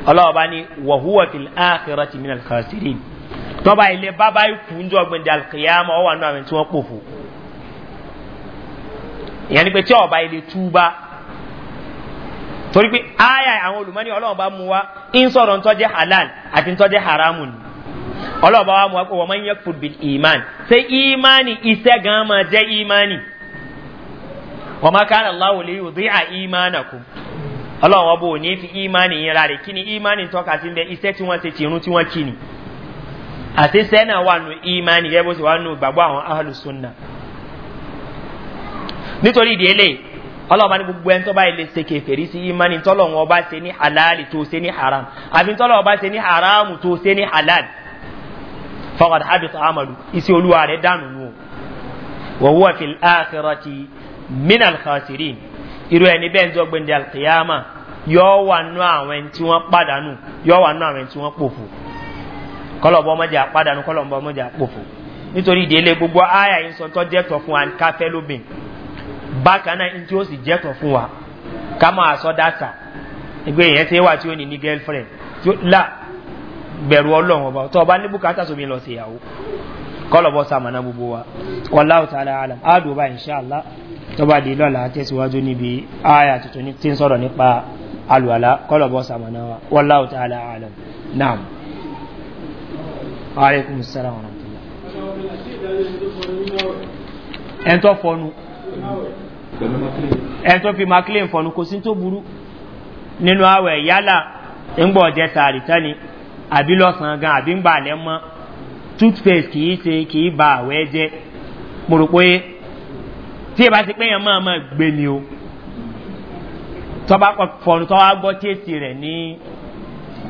ọlọ́wọ́ bá ní wàhúwà fi áàkìrọ̀ ti mìíràn kàṣírí tọ́ba ilé bábá ikú ń jọ gbẹ̀ndẹ̀ alkiyama ọwọ́ àánú àwọn tí wọ́n pòfò ìyẹn ni pé tí ọba ilé túbá torí pé aya àwọn olùmọ́ni ọlọ́run bá mu wa ń sọ̀rọ̀ ń halal àti ń haramu ni ọlọ́run bá wa mu wa pé wọ́n máa ń yẹ fúdbìl ìmán ṣé ìmánì iṣẹ́ gan máa jẹ́ ìmánì wọ́n máa kára láwọ̀ lè yóò dé à ìmánà kù ọlọ́run ọba ò ní fi imani yẹn rárẹ̀ kí ni ìmánì tọ́ka sí bẹ iṣẹ́ tí wọ́n ṣe ti irun tí wọ́n kí ni àti sẹ́nà wà nù ìmánì gẹ́gẹ́ bó ṣe wà nù gbàgbọ́ àwọn ahàlùsùn náà nítorí ìdí eléyìí ọlọ́ọ̀bá ní gbogbo ẹni tó bá ilé ṣe kẹfẹ́rí sí imani tọ́lọ̀ wọn bá ṣe ní halali tó ṣe ní haram àbí tọ́lọ̀ bá ṣe ní haramu tó ṣe ní halal fọwọ́n abitọ amadu isi olúwa rẹ̀ dànù nù wọ́n wọ́n fi àkìrọ̀tì minal khasiri irú ẹni bẹ́ẹ̀ ń jọ gbẹ̀ndẹ̀ alkiyama yọ wà nù àwọn ẹni tí wọ́n padànù yọ wà nù àwọn tí wọ́n pòfò kọlọ̀bọ ọmọdé àpadànù kọlọ̀bọ ọmọdé àpòfò nítorí ìdílé gbogbo áyà yìí sọ tó jẹ́ fún wa káfẹ́ lóbìn bákan náà ntí ó sì jẹ́tọ̀ fún wa ká máa sọ dáta ẹgbẹ́ yẹn ṣe wà tí ó ní ní girlfriend tí ó là bẹ̀rù ọlọ́run ọba tó ọba ní bùkátà sómi lọ sí ìyàwó kọlọ̀bọ̀ sàmànà gbogbo wa wọláwù tààlà àlàm àdùbà ìṣàlá tó bá di lọ́la tẹ̀síwájú níbi àyà tuntun tí ń sọ̀rọ̀ nípa alùwàlá kọlọ̀bọ̀ sàmànà wa wọláwù tààlà àlàm náà. aleykum salaam wa rahmatulah. ẹ̀ńtọ́ fọnù ẹni tó fi maclean fọnù kò sí tó burú nínú àwẹ̀ yálà ńgbọ̀ ọ̀jẹ̀ sàárì tẹ́ni àbí lọ́sàn-án gan àbí ń bà lẹ́ mọ́ toothpaste kì ṣe kì ba àwẹ̀ jẹ́ mo rò pé tí ẹ bá ti pẹ́yàn máa máa gbé ni o tọ́ba fọnù tọ́wá gbọ́ tíyèsí rẹ̀ ní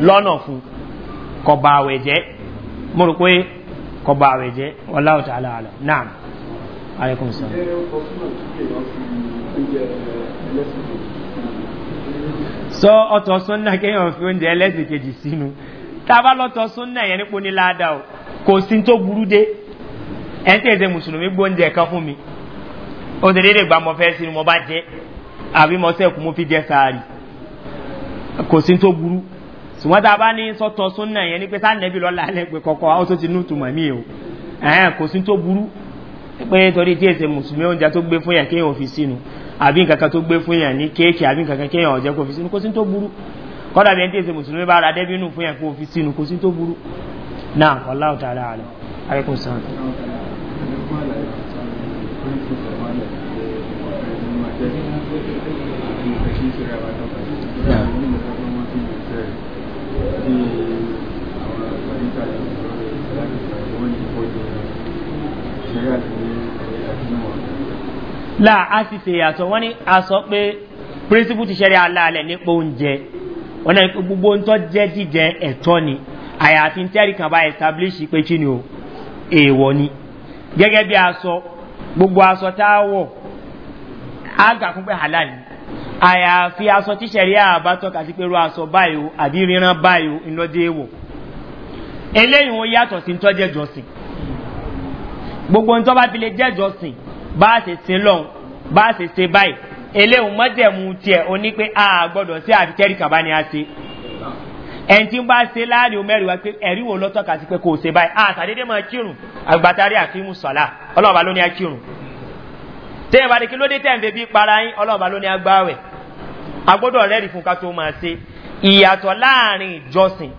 lọ́nà fún kọba àwẹ̀ jẹ́ mo rò pé kọba àwẹ̀ jẹ́ ọláwùtà àlàálà náà aleykum sọ. sọ ọtọ súnà kéèyàn fi oúnjẹ ẹlẹ́sìn kejì sínú tába lọ́tọ̀ súnà yẹn nípo ní ládàá o kò sí tó burú dé ẹ̀ ń tẹ̀sẹ̀ mùsùlùmí gbóúnjẹ kan fún mi ó ti dédé gbà mọ́ fẹ́ sínú mo bá jẹ́ àbí mo sẹ́kù mo fi jẹ́ sáárì kò sí tó burú ṣùgbọ́n tá ní sọ́tọ̀ súnà yẹn ní pé sáà nẹ́bí lọ́la ẹ̀ lẹ́gbẹ̀ẹ́ kọ̀ọ̀kan ó tó ti nù tùmọ̀ mí o kò sí tó burú pé torí tí èsè mùsùlùmí oúnjẹ tó gbé fún yàn kéèyàn òfin sínú àbí nkankan tó gbé fún yàn ní kéèkì àbí nkankan kéèyàn ọ̀jẹ́ kó fi sínú kó sí tó burú kọ́dà bí ẹni tí èsè mùsùlùmí bá ra dẹ́bínú fún yàn kó fi sínú kó sí tó burú náà ọ̀la ọ̀tá ara rẹ̀ ayẹ́kùn sàn. Thank La á sì ṣe ìyàtọ̀ wọ́n ní a sọ pé pírísìpù ti ṣẹlẹ̀ aláàlẹ̀ nípa oúnjẹ wọ́n náà gbogbo ń tọ́ jẹ́ jíjẹ ẹ̀tọ́ ni àyàfi ń tẹ́rì kan bá establish pé kí ni o èèwọ̀ ni gẹ́gẹ́ bí aṣọ gbogbo aṣọ tá a wọ̀ á gà fún pé halal àyàfi aṣọ tí ṣẹlẹ̀ àbá tọ́ka sí pé ru aṣọ báyìí àbí ríran báyìí o eléyìí wọ́n yàtọ̀ sí ń tọ́jẹ́ jọ̀sìn gbogbo ń tọ́ba fi lè jẹ́jọ́ sìn bá a ṣe sin lọ́hùn bá a ṣe ṣe báyìí eléhùn mọ́jẹ̀mú tiẹ̀ o ní pé a gbọ́dọ̀ sí àfikẹ́rì kàbá ni a ṣe ẹni tí ń bá ṣe láàrin omẹ́rin wa pé ẹ̀rí wo lọ́tọ̀ kà sí pé kò ṣe báyìí àtàdédé máa kírun àgbàtàrí àfihàn sọ̀la ọlọ́ọ̀bá ló ní a kírun tẹ́yìn bá ní kí ló dé tẹ́yìn bèbí para yín ọlọ́ọ̀bá ló ní a gbáwẹ̀ agbọ́dọ̀ rẹ́rìí fún ká tó máa ṣe ìyàtọ̀ láàrin ìjọsìn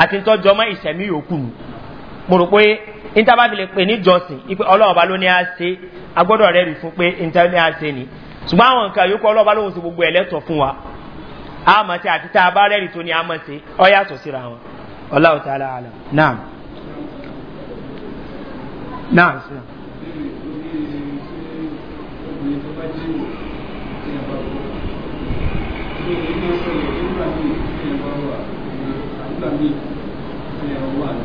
àti tọ́jọ́ mọ́ ìṣẹ̀mí yòókù mo rò pé níta fi lè pè ní jọsìn ipe ọlọ́ọ̀ba ló ní a ṣe agbọ́dọ̀ rẹ̀ rí fún pé níta ní a ṣe ni ṣùgbọ́n àwọn nǹkan yòókù ọlọ́ọ̀ba lóhùn sí gbogbo ẹlẹ́tọ̀ fún wa àmọ́ tí àti tá a bá rẹ́rì tó ní a mọ̀ sí ọ yàtọ̀ síra wọn ọláwọ̀ tá a àlọ́ náà náà sí. Thank you.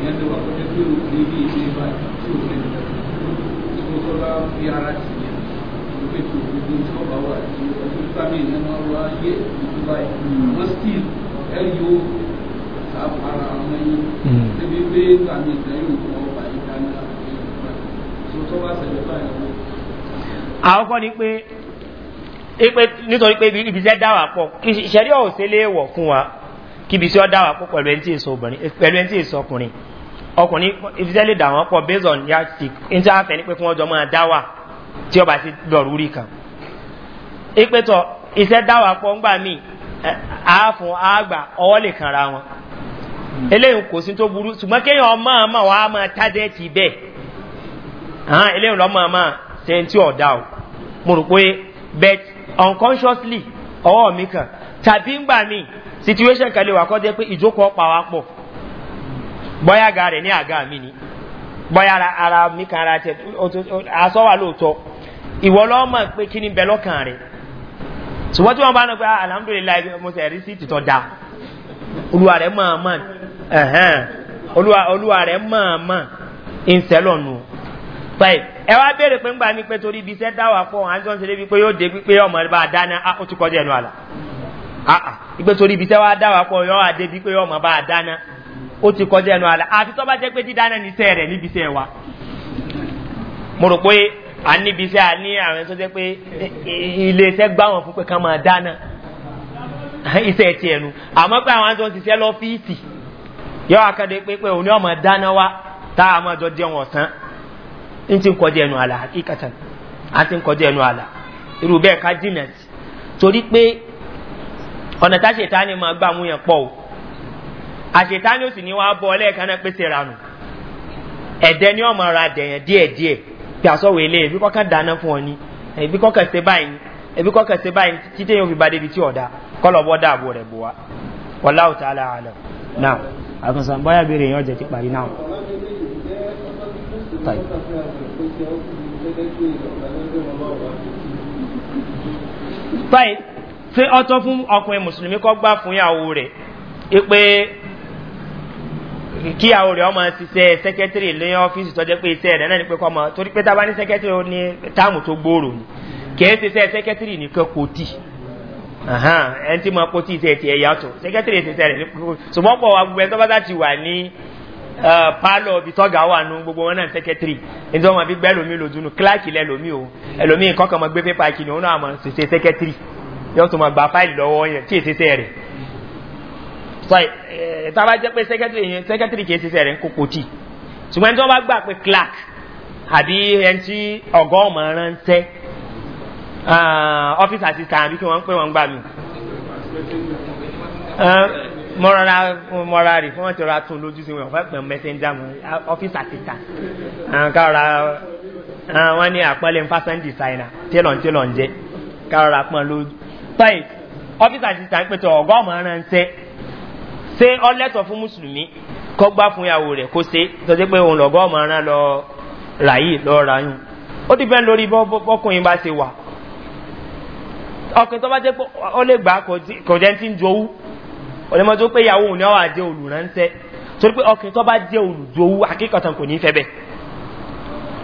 ìyẹn tó wà kó jẹ́ pé òkè bí ilé bá tí ò lẹ́nu tí mo tọ́ bá fi ara sí yẹn mo fẹ́ tó gbogbo tí ọba wà ní ọdún nípa mi ìyẹn máa wá yé ìlú báyìí wọ́n still ẹ yóò àwọn kọ́ ni pé nítorí pé ibi iṣẹ́ dá wà pọ̀ ìṣẹ̀rí ọ̀hún ṣe léèwọ̀ fún wa kíbi tí ó dá wà pọ̀ pẹ̀lú ẹni tí èso obìnrin eh, pẹ̀lú ẹni tí èso ọkùnrin ọkùnrin ìfisẹ́ lè dà wọ́n pọ̀ based on ya ti n tí a fẹ́ ni pé kí wọ́n jọ máa dá wà tí ọba ti lọ̀rù rí kan. ipe tọ iṣẹ́ dá wà pọ̀ ńgbà míì àáfún àgbà ọwọ́ lè kanra wọn eléyìí kò sí tó burú ṣùgbọ́n kéèyàn ọmọ àmọ́ wa máa tájẹ́ ti bẹ́ẹ̀ hàn eléyìí lọ́mọ àmọ́ ṣe ti ọ̀dà o mo rò pé but unconsciously ọwọ́ mi kàn tàbí ńgbà míì situation kan lè wà ko jẹ́ pé ìjókòó pa wá pọ̀ boya ga rẹ̀ ní àga mi ni bọ́yá ara mi kan ara tẹ̀ aṣọ iwo lóòótọ́ ìwọ lọ́mọ pé kí ni bẹ lọ́kàn rẹ̀ ṣùgbọ́n tí wọ́n bá náà pé ah, alhamdulilayi mo sì rí sí tìtọ́ da olúwa rẹ̀ mọ̀ mọ̀ olúwa rẹ̀ mọ̀ mọ̀ ìṣẹ́lọ̀nù báyìí ẹ wá béèrè pé ń gbà ní pé torí ibi iṣẹ́ dáwà pọ̀ àjọ ń ṣe débi pé yóò dé pé ọmọ rẹ̀ bá dáná ah, ó ti kọjá ẹnu àlà. àà ah, ìgbé ah. torí ibi tẹ́ wá dá pọ̀ yọ àdébi pé ọmọ bá a dáná ó ti kọjá ẹnu àlà àfi tó bá jẹ́ pé dídáná ní sẹ́ rẹ̀ níbi sẹ́ wa. mo a níbi sẹ́ a ní àwọn tó jẹ́ pé ilé iṣẹ́ gbá fún pé ká máa dáná iṣẹ́ ti ẹnu àmọ́ pé àwọn àjọ ṣiṣẹ́ lọ́fíìsì yọ àkàdé pé pé òní ọmọ dáná tá a ọ̀nà tá ṣètá ni máa gbà mú yàn pọ̀ o àṣetá ni ó sì ní wàá bọ ọlẹ́ẹ̀kan náà pèsè ranù ẹ̀dẹ́ ni ọmọ ra dẹ̀yàn díẹ̀díẹ̀ bí àsọ̀wò ilé ẹ̀bí kọ́kàn dáná fún ọ ni ẹ̀bí kọ́kàn ṣe báyìí ẹ̀bí kọ́kàn ṣe báyìí títí yóò fi ba débi tí ọ̀dà kọ́lọ̀ bọ́ dáàbò rẹ̀ bọ̀ wá wọlá òtá àlà àlọ náà àkànṣe bọ́yá béèrè yẹn ọ̀jẹ̀ ti parí náà. báyìí tí ọtọ fún ọkùnrin mùsùlùmí kọ́ gbá fún ìyàwó rẹ̀ pé kí ìyàwó rẹ̀ ọmọ ṣiṣẹ́ sẹ́kẹ́tìrì ní ọ́fíìsì tó jẹ́ pé iṣẹ́ rẹ̀ náà ni pé kọ́ torí pé tábà ní sẹ́kẹ́tìrì ó ní táàmù tó gbòòrò ni kìí ṣiṣẹ́ sẹ́kẹ́tìrì kò tì tí mo tì ti ẹ̀yà sẹ́kẹ́tìrì ní pálọ̀ bí tọ́gà wà nù gbogbo wọn náà sẹ́kẹ́tìrì nítorí wọn fi gbẹ́ lòdùnú kíláàkì yóò tún máa gba fáìlì lọ́wọ́ yẹn tí èsì sẹ́ rẹ̀ sọ ẹ tábà jẹ́ pé sẹ́kẹ́tìrì yẹn sẹ́kẹ́tìrì kìí ṣiṣẹ́ rẹ̀ ń kókó tì ṣùgbọ́n ẹni tí wọ́n bá gbà pé clark àbí ẹni tí ọ̀gá ọmọ ránṣẹ́ ọ́fíìsì àṣìṣà àbí kí wọ́n ń pè wọ́n gbà mí mọ́rọ́ra mọ́ra rè fún ọ̀tí ọ̀rá tún lójú sí wọn fẹ́ pẹ̀ mẹ́sẹ̀njà mọ́ ọ́fíìsì àtìta káàrà wọ́n ní àpọ́nlé ń fásán dìsáínà tẹ́lọ̀ ń tẹ́lọ̀ ń jẹ́ káàrà pọ́n lójú Tayi, ọ́fíìsì àṣìṣà ń pètò ọ̀gá ọ̀mọ̀ ránṣẹ́ se ọlẹ́tọ̀ fún mùsùlùmí kọ́ gbá fún ìyàwó rẹ̀ kó ṣe tọ́jú pé òun lọ́gọ́ ọ̀mọ̀ rán lọ ràyè lọ ràyùn ó dìbẹ́ lórí bọ́kùnrin bá ṣe wà ọkùnrin tó bá jẹ́ pé ó lè gbà kò jẹ́ ti ń jowú ọ̀lẹ́mọ́ pé ìyàwó òun ni ọ̀ àjẹ́ olùránṣẹ́ torí pé ọkùnrin tó bá jẹ́ olùjowú akíkọ̀tàn kò ní fẹ́ bẹ́ẹ̀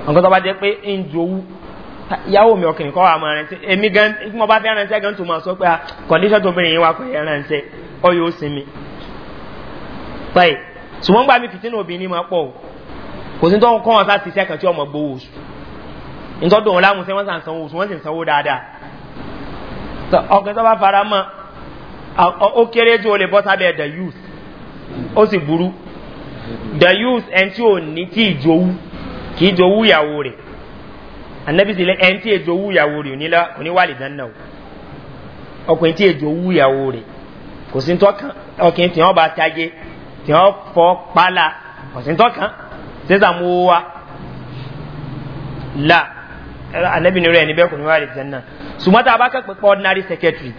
ọkùnrin tó bá jẹ́ pé ń jowú yàwó mi ọkùnrin kọ́ wa máa rántí èmi gan tí mo bá fẹ́ rántí gan tó máa sọ pé kọ́ndíṣọ́ ah, tó bẹ̀rẹ̀ yín wá kọ́ yẹn rántí ọ yóò sinmi. báyìí ṣùgbọ́n gbà mí fìtínà obìnrin máa pọ̀ o kò sí tóun kọ́ wọn sá ti sẹ́kàn tí ọmọ gbowó oṣù nítorí òun láwọn sẹ́wọ́n sàn sanwó oṣù wọ́n sì ń sanwó dáadáa. ọkùnrin tó bá fara mọ́ ó kéré jù ó lè bọ́ sábẹ́ the youth ó sì burú the youth ẹni tí ò ní tí ìjòwú kì í jòwú ìyàwó rẹ̀ anabi sì lẹ ẹn tí èjò owó ìyàwó rẹ wali oníwàlì dáná o ọkùnrin tí wuri, owó ìyàwó rẹ kò sí ntọ́kàn ọkùnrin tí wọ́n bá tajé tí wọ́n fọ́ pálá kò sí ntọ́kàn sẹ́sà mú owó wa la anabi nìrọ̀ ẹni bẹ́ẹ̀ kò níwàlì dáná ṣùgbọ́n tá a bá kẹ́pẹ́ pé ordinary secretary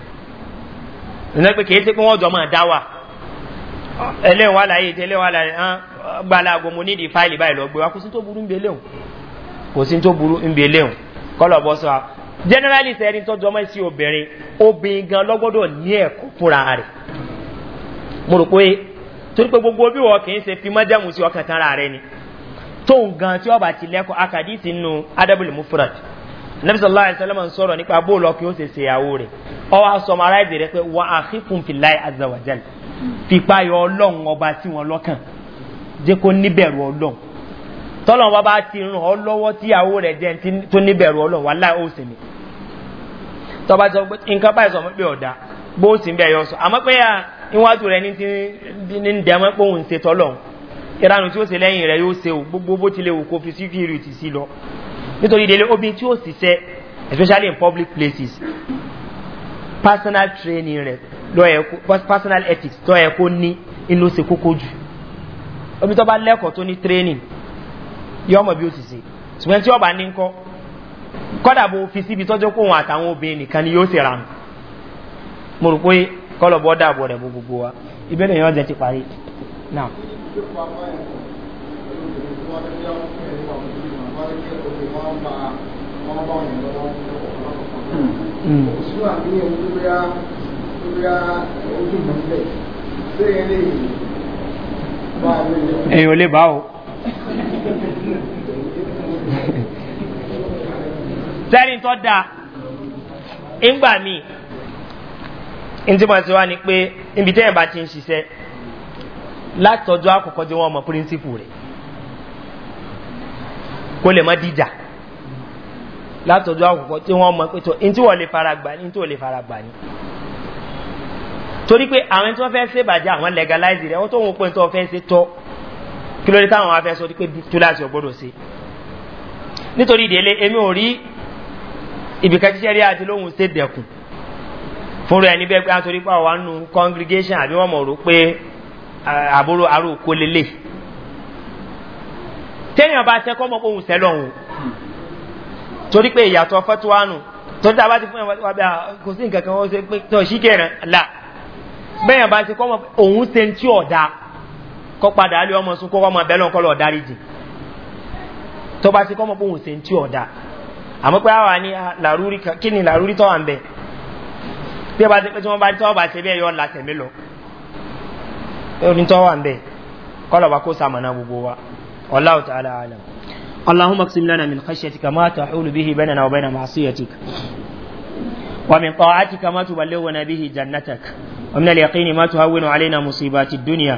nínú pé kì í ṣe pé wọ́n jọ máa dá wa ẹlẹ́wọ̀n wà láyé ẹlẹ́wọ̀n wà láyé gbala agomo nídìí fáìlì báyìí lọ gbé wa kò sí tó burú ń bẹ kò sí tó burú ń eléhùn kọ́lọ̀ bọ́ sọ generally sẹ́ni tó jọmọ́ sí obìnrin obìnrin gan lọ́gbọ́dọ̀ ní ẹ̀kọ́ fúnra rẹ̀ mo rò pé torí pé gbogbo bí wọ́n kì í ṣe fi mọ́jàmù sí ọkàn tán ara rẹ̀ ni tóun gan tí ọba ti lẹ́kọ̀ọ́ akadíìsì nínú adabule mufrad nabi sallallahu alayhi wa sallam sọ̀rọ̀ nípa bóòlù ọkùnrin ó ṣe ṣe ìyàwó rẹ̀ ọwọ́ asọmọ aráàlú rẹ̀ pé wọ́n àfikún fìláì azawajal fipá yọ ọlọ́run ọba tí wọ́n lọ́kàn jẹ́ kó níbẹ̀rù ọlọ́run tọ́lọ̀ wọn bá ti ràn ọ́ lọ́wọ́ tíyàwó rẹ̀ jẹ́ tó níbẹ̀rù ọlọ́run wà láì òsì ni tọba sọ pé nǹkan báyìí sọ mọ́ pé ọ̀dà bó sì ń bẹ̀ yọ sọ àmọ́ pé iwájú ah, rẹ̀ ní ń dẹ́mọ́ pé òun ṣe tọ́lọ̀ ìranù tí ó ṣe lẹ́yìn rẹ̀ yóò ṣe o gbogbo bó ti lè wò kó fi security sí lọ nítorí délé obìnrin tí ó ṣiṣẹ́ especially in public places personal training rẹ̀ personal ethics tọ́yẹ̀ kó ní inú ṣe kókó jù omi tó bá lẹ́kọ̀ọ́ tó ní training yọmọ bí ó ti ṣe ṣùgbọ́n tí ọba ní ń kọ́ kọ́dà bó fi síbi tọ́jọ́ kó wọn àtàwọn obìnrin nìkan ni yóò ṣe ra mo rò pé kọ́lọ̀ bọ́ dàbọ̀ rẹ̀ gbogbo wa ìbéèrè yẹn ọ̀jẹ̀ ti parí. Now. Mm. Hmm. ò lè bá o sẹ́rin tó da ńgbà míì ntí mo ti wá ni pé ibi tẹ́yìn bá ti ń ṣiṣẹ́ látọjọ́ àkọ́kọ́ tí wọ́n mọ píríncípù rẹ̀ kó lè mọ́ díjà látọjọ́ àkọ́kọ́ tí wọ́n mọ pé tó ntí wọ́n lè fara gbà ní ntí wọ́n lè fara gbà ní. torí pé àwọn tí wọ́n fẹ́ ṣèbàjẹ́ àwọn legalize rẹ̀ wọ́n tó ń wọ́n tó fẹ́ ṣe tọ́ kí ló dé táwọn afẹ́ sọ pé túláàsì ọgbọ́dọ̀ sí nítorí ìdílé èmi ò rí ibìkan tíṣẹ́ rí àti lóhun state dẹ̀kùn fúnra ẹni bẹ́ẹ̀ pé àtòrí pa wà nù congregation àbí wọ́n mọ̀ rò pé àbúrò aróko lélẹ̀ téèyàn bá sẹ́kọ́ mọ́ ohun sẹ́lọ̀ ọ̀hún torí pé ìyàtọ̀ fọ́tíwánù torí tá a bá ti fún ẹ̀ wá bí kò sí nǹkan kan wọ́n ṣe pé tó ṣíkẹ̀rẹ̀ là bẹ́ẹ̀ bá ti mọ́ ohun ṣe ọ̀dà kọ́ padà alẹ́ ọmọ sún kọ́ ọmọ abẹ́lẹ́ ọkọ́ lọ́ọ́ dáríjì tó bá ti kọ́ ọmọ bóun ṣe ń tí ọ̀dà àmọ́ pé àwa ah, ni làrúrí kí ń bẹ̀ bí ẹ bá tí wọ́n bá tí wọ́n bá ṣe bẹ́ẹ̀ yọ ọ́ la lọ orin tọ́ ń bẹ̀ kọ́lọ̀ bá kó sàmọ̀nà gbogbo wa ọláwù tá a اللهم اقسم لنا من خشيتك ما تحول به بيننا وبين معصيتك ومن طاعتك ما تبلغنا به جنتك ومن اليقين ما تهون علينا مصيبات الدنيا